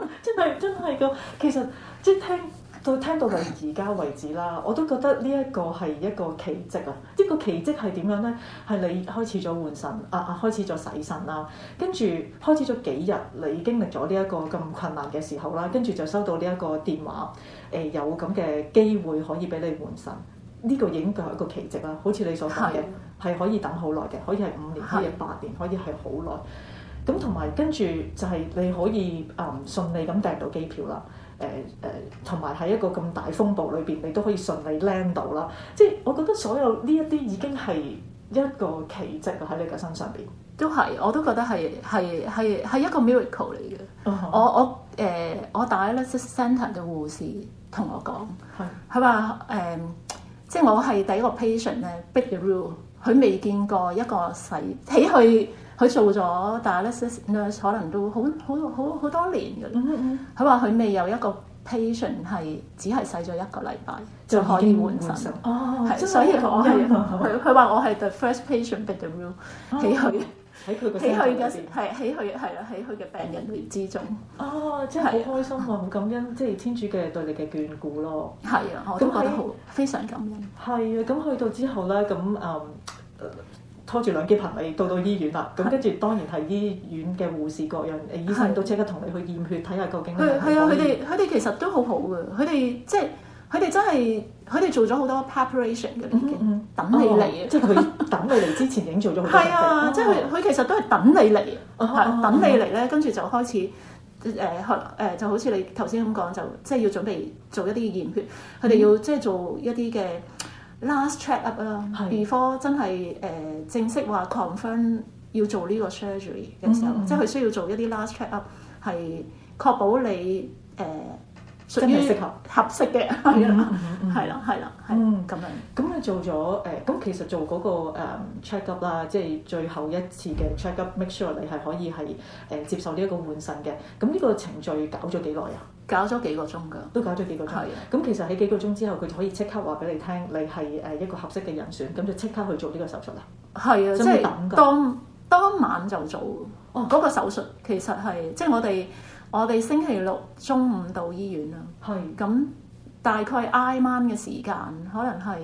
<laughs> 真係真係噶，其實即係聽。到聽到你而家為止啦，我都覺得呢一個係一個奇蹟啊！呢、這個奇蹟係點樣呢？係你開始咗換腎啊啊，開始咗洗腎啦，跟住開始咗幾日，你經歷咗呢一個咁困難嘅時候啦，跟住就收到呢一個電話，誒、呃、有咁嘅機會可以俾你換腎，呢、這個已經係一個奇蹟啦！好似你所講嘅，係的可以等好耐嘅，可以係五年，的年、可以係八年，可以係好耐。咁同埋跟住就係你可以誒、嗯、順利咁訂到機票啦。誒誒，同埋喺一個咁大風暴裏邊，你都可以順利 land 到啦。即係我覺得所有呢一啲已經係一個奇蹟喺你嘅身上邊，都係我都覺得係係係係一個 miracle 嚟嘅、uh huh.。我我誒、呃，我第一咧 assistant 嘅護士同我講，佢話誒，即係我係第一個 patient 咧 break the rule。佢未、mm hmm. 見過一個洗起去。佢做咗，但係咧，可能都好好好好多年㗎。佢話佢未有一個 patient 係只係使咗一個禮拜就可以換腎。哦，所以我係佢佢話我係 the first patient by r 佢喜去，喜去嗰時係喜去係啦，喜佢嘅病人之中。哦，即係好開心啊，好感恩，即係天主嘅對你嘅眷顧咯。係啊，我都覺得好非常感恩。係啊，咁去到之後咧，咁啊。拖住兩件行李到到醫院啦，咁跟住當然係醫院嘅護士各人、醫生都即刻同你去驗血睇下究竟是是是。佢係啊，佢哋佢哋其實都好好嘅，佢哋即係佢哋真係佢哋做咗好多 preparation 嘅、嗯，已、嗯、經等你嚟啊！哦、 <laughs> 即係佢等你嚟之前已經做咗好多，係啊，哦、即係佢佢其實都係等你嚟、哦、等你嚟咧，嗯、跟住就開始誒誒、呃呃呃，就好似你頭先咁講，就即係要準備做一啲驗血，佢哋要即係做一啲嘅。嗯 Last check up 啦的，兒科真係誒、呃、正式話 confirm 要做呢個 surgery 嘅時候，嗯嗯、即係佢需要做一啲 last check up，係確保你誒真係適合合適嘅，係啊、嗯，係、嗯、啦，係、嗯、啦，咁、 <laughs> 嗯、樣。咁你做咗誒，咁、呃、其實做嗰、那個 check、um, up 啦，即係最後一次嘅 check up，make sure 你係可以係誒、呃、接受呢一個換腎嘅。咁呢個程序搞咗幾耐啊？搞咗幾個鐘㗎，都搞咗幾個鐘。咁的其實喺幾個鐘之後，佢就可以即刻話俾你聽，你係誒一個合適嘅人選，咁就即刻去做呢個手術啦。係啊的，等即係當當晚就做。哦，嗰、哦、個手術其實係即係我哋我哋星期六中午到醫院啦。係的。咁大概挨晚嘅時間，可能係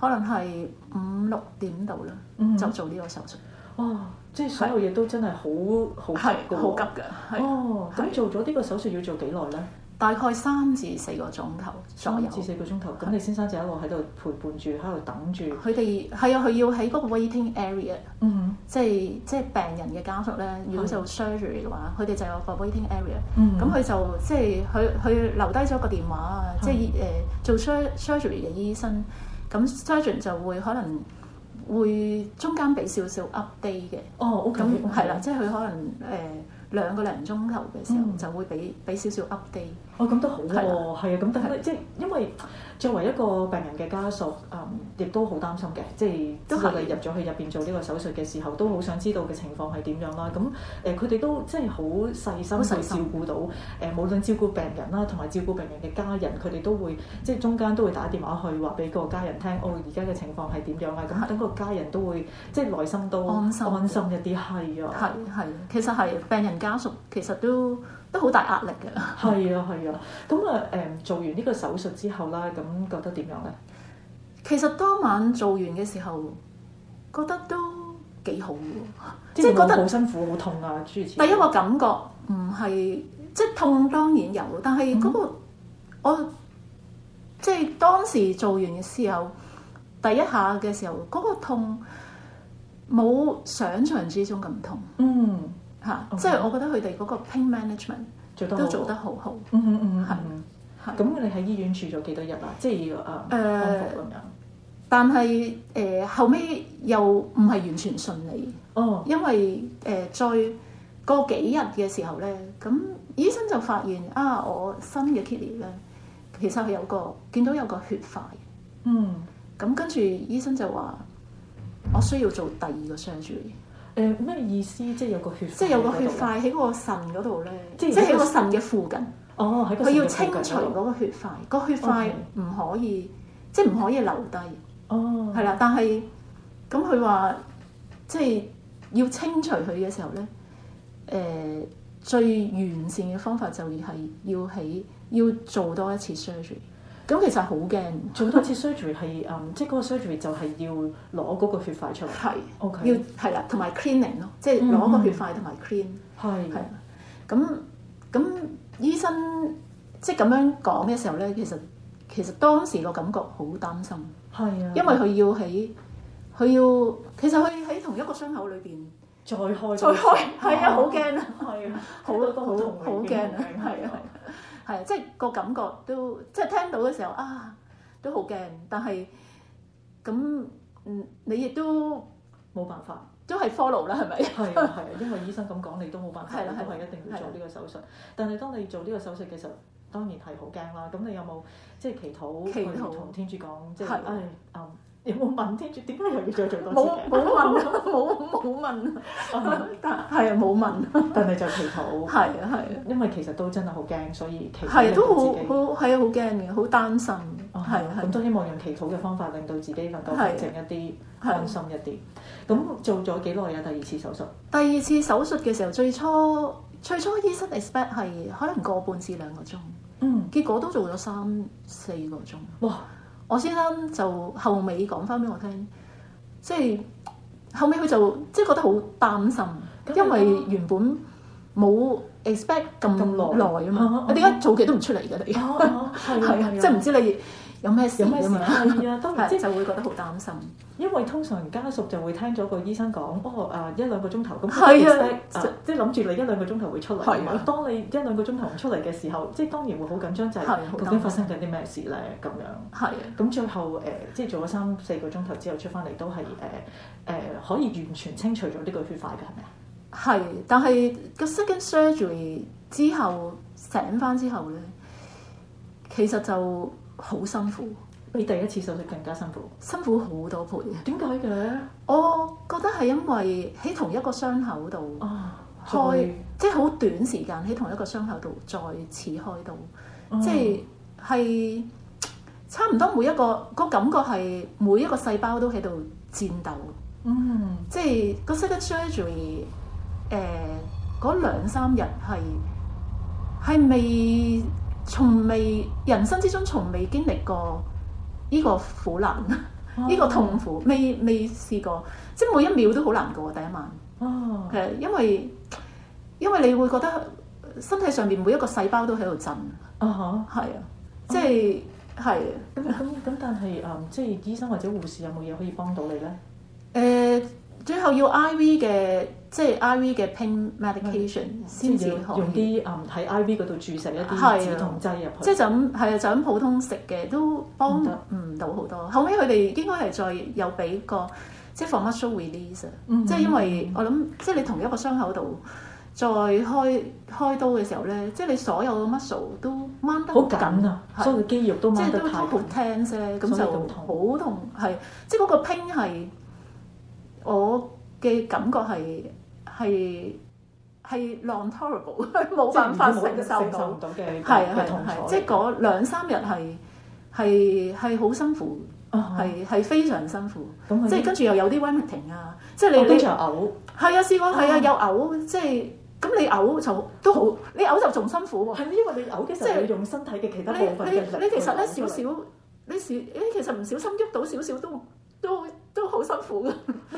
可能係五六點到啦，就做呢個手術。嗯、哦。即係所有嘢都真係好好急㗎，哦！咁做咗呢個手術要做幾耐咧？大概三至四個鐘頭左右。三至四個鐘頭。咁你先生就一路喺度陪伴住，喺度等住。佢哋係啊，佢要喺嗰個 waiting area，嗯，即係即係病人嘅家屬咧。如果做 surgery 嘅話，佢哋就有個 waiting area，咁佢就即係佢佢留低咗個電話啊，即係誒做 surgery 嘅醫生，咁 surgeon 就會可能。會中間俾少少 update 嘅，哦，OK，咁係啦，即係佢可能誒、呃、兩個零鐘頭嘅時候就會俾俾、嗯、少少 update。哦，咁都好喎，係啊，咁都係即係因為。作為一個病人嘅家屬，誒亦都好擔心嘅，即係之後佢入咗去入邊做呢個手術嘅時候，都好想知道嘅情況係點樣啦。咁誒佢哋都即係好細心細照顧到誒，無論照顧病人啦，同埋照顧病人嘅家人，佢哋都會即係中間都會打電話去話俾個家人聽，哦，而家嘅情況係點樣啊？咁等個家人都會即係內心都安心一啲係啊，係係，其實係病人家屬其實都。都好大壓力嘅，係啊係啊，咁啊誒、嗯，做完呢個手術之後啦，咁覺得點樣咧？其實當晚做完嘅時候，覺得都幾好，即係道覺得好辛苦、好痛啊！第一個，感覺唔係，即、就、係、是、痛當然有，但係嗰、那個、嗯、我即係、就是、當時做完嘅時候，第一下嘅時候嗰、那個痛冇想象之中咁痛，嗯。嚇！Okay. 即係我覺得佢哋嗰個 pain management 做得都做得好好。嗯嗯嗯嗯，係、嗯。咁佢哋喺醫院住咗幾多日啊？即係誒。誒、呃。康復咁樣。但係誒、呃、後尾又唔係完全順利。哦。因為誒、呃、再過幾日嘅時候咧，咁醫生就發現啊，我新嘅 kidney 咧，其實係有個見到有個血塊。嗯。咁跟住醫生就話：我需要做第二個 sh 誒咩、呃、意思？即係有個血，即係有個血塊喺個腎嗰度咧，即係喺個腎嘅附近。哦、oh，喺佢要清除嗰個血塊，Okay. 個血塊唔可以，即係唔可以留低。哦，係啦，但係咁佢話，即係、就是、要清除佢嘅時候咧，誒、呃、最完善嘅方法就係要喺要做多一次 surgery。咁其實好驚，做多次 surgery 係，誒，即係嗰個 surgery 就係要攞嗰個血塊出嚟，係，OK，要係啦，同埋 cleaning 咯，即係攞個血塊同埋 clean，係，係。咁咁醫生即係咁樣講嘅時候咧，其實其實當時個感覺好擔心，係啊，因為佢要喺佢要，其實佢喺同一個傷口裏邊再開，再開，係啊，好驚啊，係啊，好多好痛，好驚啊，係啊，係。係，即係個感覺都，即係聽到嘅時候啊，都好驚。但係咁，嗯，你亦都冇辦法，都係 follow 啦，係咪？係啊係啊，因為醫生咁講，你都冇辦法，都係一定要做呢個手術。但係當你做呢個手術嘅時候，當然係好驚啦。咁你有冇即係祈禱，祈禱，同天主講，即係係啊？的有冇問住，點解又要再做多次？冇問，冇冇問啦。但係啊，冇問啦。但係就祈禱。係啊，係啊。因為其實都真係好驚，所以祈禱令到自己都好好係啊，好驚嘅，好擔心。係咁、哦、都希望用祈禱嘅方法，令到自己能夠平靜一啲、安心一啲。咁做咗幾耐啊？第二次手術。第二次手術嘅時候，最初最初醫生 expect 係可能個半至兩個鐘。嗯。結果都做咗三四個鐘。哇！我先生就後尾講翻俾我聽，即係後尾佢就即係覺得好擔心，因為原本冇 expect 咁耐啊嘛，點解早期都唔出嚟嘅咧？係啊，即係唔知你。有咩事啊嘛？係啊， <laughs> 當然即、就、係、是、 <laughs> 就會覺得好擔心，因為通常家屬就會聽咗個醫生講，哦誒、啊，一兩個鐘頭咁，係的、嗯、啊，即係諗住你一兩個鐘頭會出嚟嘛。的當你一兩個鐘頭唔出嚟嘅時候，即係當然會好緊張，就係究竟發生緊啲咩事咧？咁樣係咁的最後誒，即、呃、係、就是、做咗三四個鐘頭之後出翻嚟，都係誒誒可以完全清除咗呢個血塊嘅，係咪啊？係，但係個 second surgery 之後醒翻之後咧，其實就。好辛苦，比第一次手術更加辛苦，辛苦好多倍。點解嘅？我覺得係因為喺同一個傷口度，哦、開再即係好短時間喺同一個傷口度再次開刀，哦、即係係差唔多每一個、嗰個感覺係每一個細胞都喺度戰鬥。嗯，即係個 surgeon 誒嗰兩三日係係未。從未，人生之中從未經歷過呢個苦難，呢、這個痛苦，未未試過，即係每一秒都好難過，第一晚。哦，其實因為因為你會覺得身體上面每一個細胞都喺度震。啊、哦、哈，啊，即係係。咁咁咁，但係誒、嗯，即係醫生或者護士有冇嘢可以幫到你咧？誒、呃。最後要 I.V. 嘅即係 I.V. 嘅 pain medication 先至用啲誒喺 I.V. 嗰度注射一啲止痛劑入去。即係就咁係啊，就咁普通食嘅都幫唔到好多。後尾佢哋應該係再有俾個即係 for muscle release，即係因為我諗即係你同一個傷口度再開開刀嘅時候咧，即係你所有 muscle 都掹得好緊啊，所有肌肉都掹得好緊，所以好痛。好痛係，即係嗰個 pain 係。我嘅感覺係係係 long terrible，係冇辦法承受到，係係係，即係嗰兩三日係係係好辛苦，係係非常辛苦，即係跟住又有啲 vomiting 啊，即係你經常嘔，係啊試過，係啊有嘔，即係咁你嘔就都好，你嘔就仲辛苦喎，係因為你嘔嘅時候你用身體嘅其他部分嘅力，你你其實咧少少，你少誒其實唔小心喐到少少都都。都好辛苦㗎，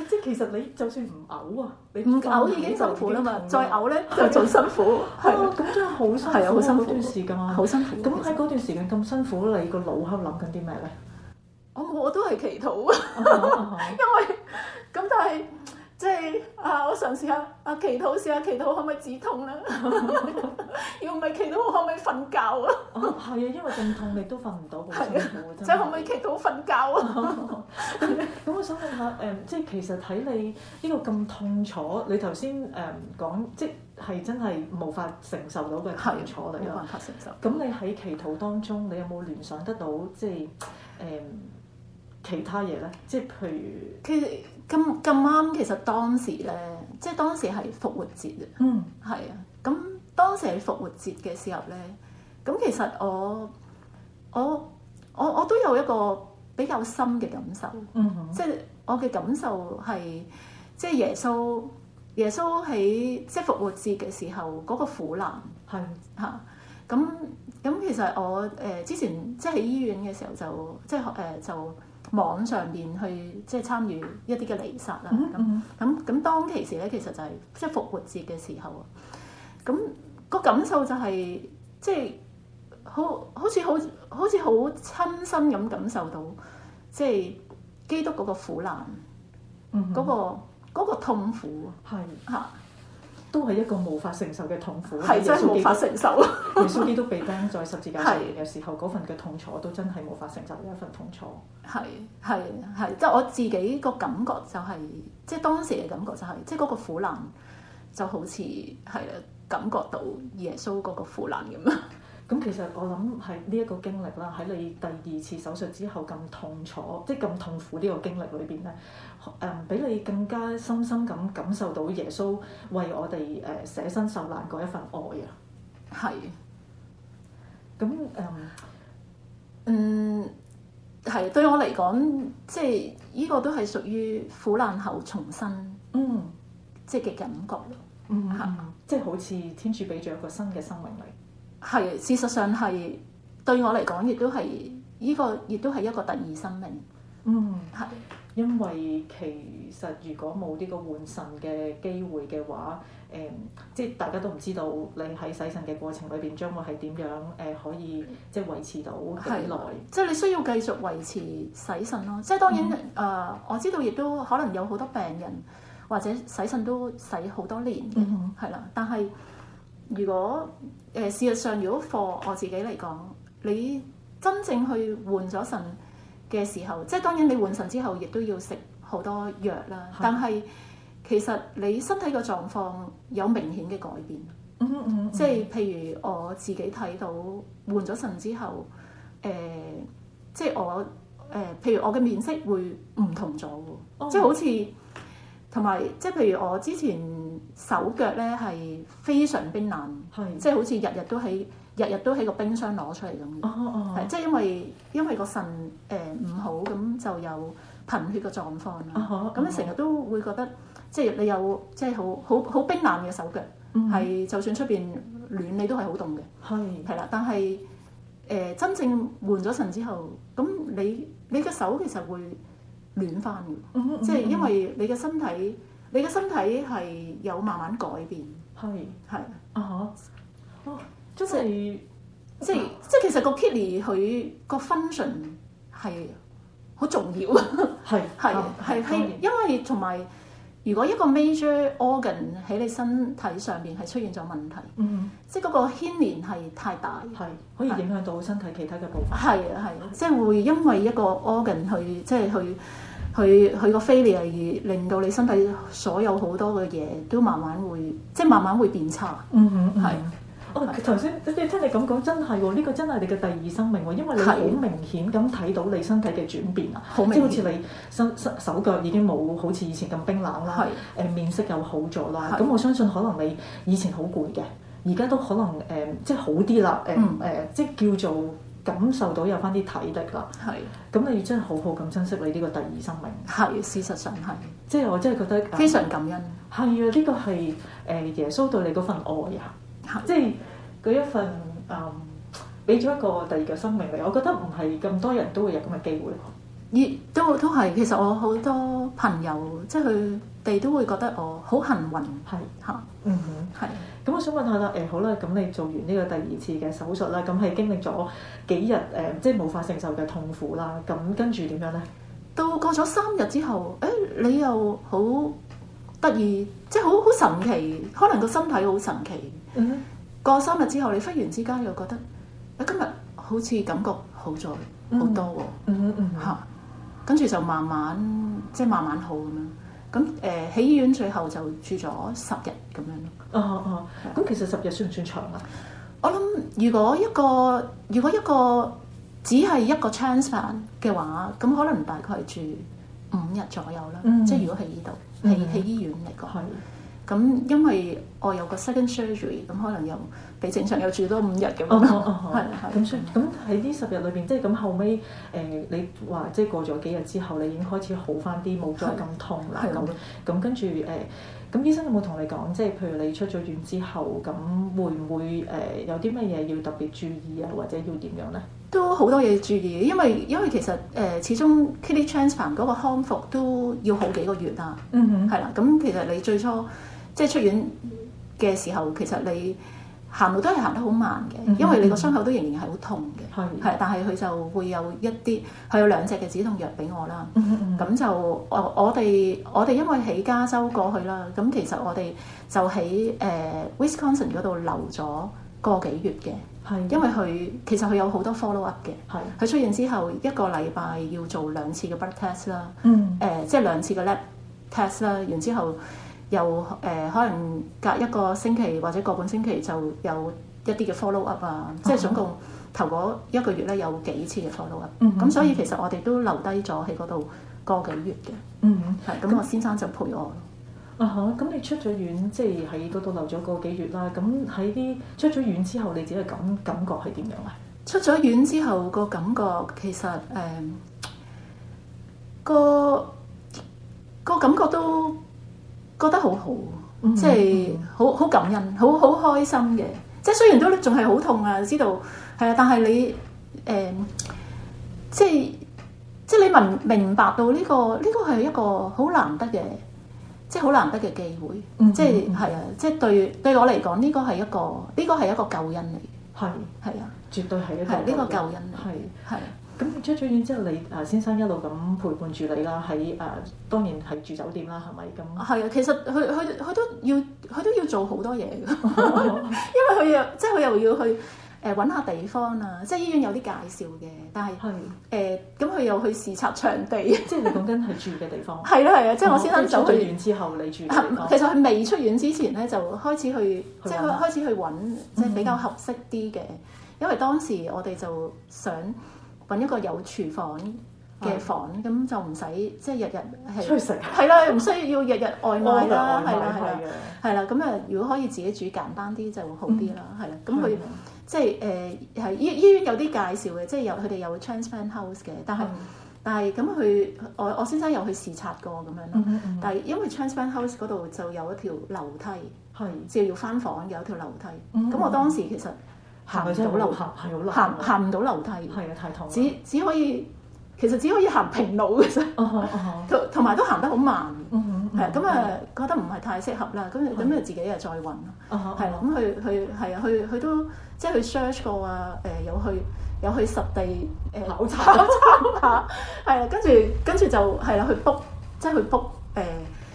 即係其實你就算唔嘔啊，你唔嘔已經辛苦啦嘛，再嘔咧就仲辛苦。係啊，咁真係好辛苦。係啊，好辛苦好短時間，好辛苦。咁喺嗰段時間咁辛苦，你個腦喺度諗緊啲咩咧？我我都係祈禱啊，因為咁但係。即係啊！我嘗試下啊，祈禱試下祈禱可唔可以止痛咧？ <laughs> 要唔係祈禱可唔可以瞓覺啊？係啊、 <laughs> 哦，因為咁痛你都瞓唔到，好辛苦啊！即係可唔可以祈禱瞓覺啊？咁、 <laughs> 哦、我想問下誒、嗯，即係其實睇你呢個咁痛楚，你頭先誒講即係真係無法承受到嘅痛楚嚟啊！無法承受。咁你喺祈禱當中，你有冇聯想得到即係誒、嗯、其他嘢咧？即係譬如。其實。咁咁啱，剛剛其實當時咧，即係當時係復活節啊。嗯，係啊。咁當時係復活節嘅時候咧，咁其實我我我我都有一個比較深嘅感受。嗯哼。即係我嘅感受係，即係耶穌耶穌喺即係復活節嘅時候嗰、那個苦難。係是。嚇！咁咁其實我誒、呃、之前即係喺醫院嘅時候就即係誒、呃、就。網上邊去即係參與一啲嘅彌撒啊，咁咁咁當其時咧，其實就係即係復活節嘅時候啊！咁、嗰個感受就係即係好好似好好似好親身咁感受到，即、就、係、係、基督嗰個苦難，嗰、嗯嗯嗰個嗰個痛苦啊，係嚇都係一個無法承受嘅痛苦。係真係無法承受。 <laughs> 耶穌啲都被釘在十字架上嘅時候，嗰 <laughs> 份嘅痛楚都真係無法承受嘅一份痛楚。係係係，即係我自己個感覺就係、是，即係當時嘅感覺就係、是，即係嗰個苦難就好似係感覺到耶穌嗰個苦難咁樣！咁其實我諗係呢一個經歷啦，喺你第二次手術之後咁痛楚，即係咁痛苦呢個經歷裏邊咧，誒、嗯、俾你更加深深咁感，感受到耶穌為我哋誒捨身受難嗰一份愛啊！係是。咁誒嗯係、嗯、對我嚟講，即係依、這個都係屬於苦難後重生嗯，嗯即係嘅感覺咯，嗯，即係好似天主俾咗一個新嘅生命嚟。係，事實上係對我嚟講，亦都係呢個，亦都係一個特異生命。嗯，係。因為其實如果冇呢個換腎嘅機會嘅話，誒，即係大家都唔知道你喺洗腎嘅過程裏邊將會係點樣，誒，可以即係維持到幾耐？即係你需要繼續維持洗腎咯。即係當然，嗯，誒，我知道亦都可能有好多病人或者洗腎都洗好多年，係啦，嗯。但係如果誒，事實上，如果 for 我自己嚟講，你真正去換咗腎嘅時候，即係當然你換腎之後，亦都要食好多藥啦。是但係其實你身體嘅狀況有明顯嘅改變，嗯嗯嗯嗯，即係譬如我自己睇到換咗腎之後，誒、呃、即係我誒、呃、譬如我嘅面色會唔同咗喎、哦，即係好似同埋即係譬如我之前。手腳咧係非常冰冷，即係好似日日都喺日日都喺個冰箱攞出嚟咁嘅，即係因為因為個腎誒唔好，咁就有貧血嘅狀況啦。咁你成日都會覺得，即係你有即係好好好冰冷嘅手腳，係就算出邊暖，你都係好凍嘅。係係啦，但係誒真正換咗腎之後，咁你你嘅手其實會暖翻嘅，即係因為你嘅身體。你嘅身體係有慢慢改變，係係啊嚇，哦，即係即即其實個 kitty 佢個 function 係好重要啊，係係係係，因為同埋如果一個 major organ 喺你身體上邊係出現咗問題，嗯，即嗰個牽連係太大，係可以影響到身體其他嘅部分，係啊係，即會因為一個 organ 去即係去。佢佢個 failure 令到你身體所有好多嘅嘢都慢慢會，即係慢慢會變差。嗯哼，係。哦，頭先你聽你咁講，真係喎、哦，呢、這個真係你嘅第二生命喎，因為你好明顯咁睇到你身體嘅轉變啦，即係是好似你身身手腳已經冇好似以前咁冰冷啦，誒是、呃、面色又好咗啦。咁是我相信可能你以前好攰嘅，而家都可能誒、呃、即係好啲啦，誒、呃、誒、嗯呃、即係叫做。感受到有翻啲體力啦，係是，咁你真係好好咁珍惜你呢個第二生命，係事實上係，即係我真係覺得非常感恩，係啊、嗯，呢、呢個係誒耶穌對你嗰份愛啊，是即係佢一份誒俾咗一個第二嘅生命嚟，我覺得唔係咁多人都會有咁嘅機會，亦都都係，其實我好多朋友即係佢哋都會覺得我好幸運，係嚇是，啊、嗯哼，係。咁我想問下啦，誒、哎、好啦，咁你做完呢個第二次嘅手術啦，咁係經歷咗幾日誒、呃，即係無法承受嘅痛苦啦。咁跟住點樣咧？到過咗三日之後，誒、哎、你又好得意，即係好好神奇，可能個身體好神奇。嗯。過三日之後，你忽然之間又覺得，啊、哎、今日好似感覺好咗好多喎、哦嗯。嗯嗯嗯。吓，跟住、啊、就慢慢即係慢慢好咁樣。咁誒喺醫院最後就住咗十日咁樣咯、哦。哦哦，咁、嗯、其實十日算唔算長啊？我諗如果一個如果一個只係一個 transplant 嘅話，咁可能大概住五日左右啦。嗯、即係如果喺呢度，喺喺醫院嚟講，咁的因為。我有個 second surgery，咁可能又比正常又住多五日咁樣，係係咁咁喺呢十日裏邊，即係咁後尾，誒你話即係過咗幾日之後，你已經開始好翻啲，冇再咁痛啦咁，咁跟住誒，咁醫生有冇同你講，即係譬如你出咗院之後，咁會唔會誒有啲乜嘢要特別注意啊，或者要點樣咧？都好多嘢注意，因為因為其實誒始終 kidney transplant 嗰個康復都要好幾個月啊，嗯哼，係啦，咁其實你最初即係出院，嘅時候，其實你行路都係行得好慢嘅，嗯、因為你個傷口都仍然係好痛嘅，係的，但係佢就會有一啲，佢有兩隻嘅止痛藥俾我啦，咁、嗯、就我我哋我哋因為喺加州過去啦，咁其實我哋就喺誒、呃、Wisconsin 嗰度留咗個幾月嘅，係的，因為佢其實佢有好多 follow up 嘅，係的，佢出院之後一個禮拜要做兩次嘅 blood test 啦，誒、嗯，即係、呃就是、兩次嘅 lab test 啦，然之後。又誒、呃，可能隔一個星期或者個半星期就有一啲嘅 follow up 啊，uh huh. 即係總共頭嗰一個月咧有幾次嘅 follow up，咁、uh huh. 所以其實我哋都留低咗喺嗰度個幾月嘅，係咁、uh huh. 我先生就陪我。啊嚇、uh，咁、huh. 你出咗院，即係喺嗰度留咗個幾月啦。咁喺啲出咗院之後，你自己嘅感感覺係點樣啊？出咗院之後、個感覺其實誒、呃個、個感覺都。覺得好好，即係好好感恩，好好開心嘅。即係雖然都仲係好痛啊，知道係啊，但係你誒、呃，即係即係你明明白到呢個，呢個係一個好難得嘅，即係好難得嘅機會。即係係啊，即係對對我嚟講，呢個係一個呢個係一個救恩嚟嘅。係係啊，絕對係一個呢個救恩嚟，係係。咁出咗院之後，你啊先生一路咁陪伴住你啦，喺啊當然係住酒店啦，係咪咁？係啊，其實佢佢佢都要佢都要做好多嘢嘅，因為佢又即係佢又要去誒揾下地方啊，即係醫院有啲介紹嘅，但係誒咁佢又去視察場地，即係你講緊係住嘅地方。係咯係啊，即係我先生走咗院之後，你住。其實佢未出院之前咧，就開始去，即係佢開始去揾，即係比較合適啲嘅，因為當時我哋就想。揾一個有廚房嘅房，咁就唔使即係日日係，係啦，唔需要日日外賣啦，係啦，係啦，係啦。咁啊，如果可以自己煮簡單啲就會好啲啦，係啦。咁佢即係誒係醫醫院有啲介紹嘅，即係有，佢哋有 transparent house 嘅，但係但係咁佢我我先生有去視察過咁樣咯。但係因為 transparent house 嗰度就有一條樓梯，係即係要返房嘅有條樓梯。咁我當時其實。行唔到樓，行行行唔到樓梯，係啊，太痛。只只可以，其實只可以行平路嘅啫。同同埋都行得好慢。係咁啊，覺得唔係太適合啦。咁咁啊，自己又再揾。係啦，咁佢佢係啊，佢佢都即係去 search 過啊。誒，有去有去實地誒考察下。係啊，跟住跟住就係啦，去 book 即係去 book 誒。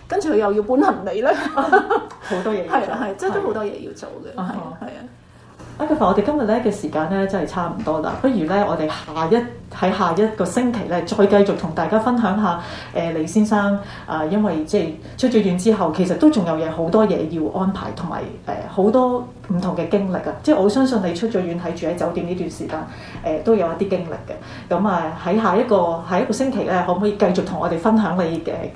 跟住佢又要搬行李咧，好多嘢。係啦，係，即係都好多嘢要做嘅。係啊。我哋今日咧嘅時間咧，真係差唔多啦。不如咧，我哋下一喺下一個星期咧，再繼續同大家分享下誒、呃、李先生啊、呃，因為即係出咗院之後，其實都仲有嘢好多嘢要安排，呃、同埋誒好多唔同嘅經歷啊。即係我相信你出咗院，喺住喺酒店呢段時間誒、呃，都有一啲經歷嘅。咁、嗯、啊，喺下一個下一個星期咧，可唔可以繼續同我哋分享你嘅？呃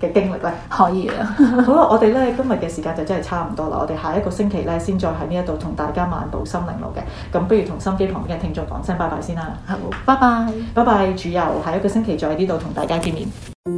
誒嘅經歷咧，可以啊。 <laughs> 好啦，我哋咧今日嘅時間就真係差唔多啦。我哋下一個星期咧，先再喺呢一度同大家漫步心靈路嘅。咁不如同心機旁邊嘅聽眾講聲拜拜先啦。好吧，拜拜 bye，拜拜，主佑，下一個星期再喺呢度同大家見面。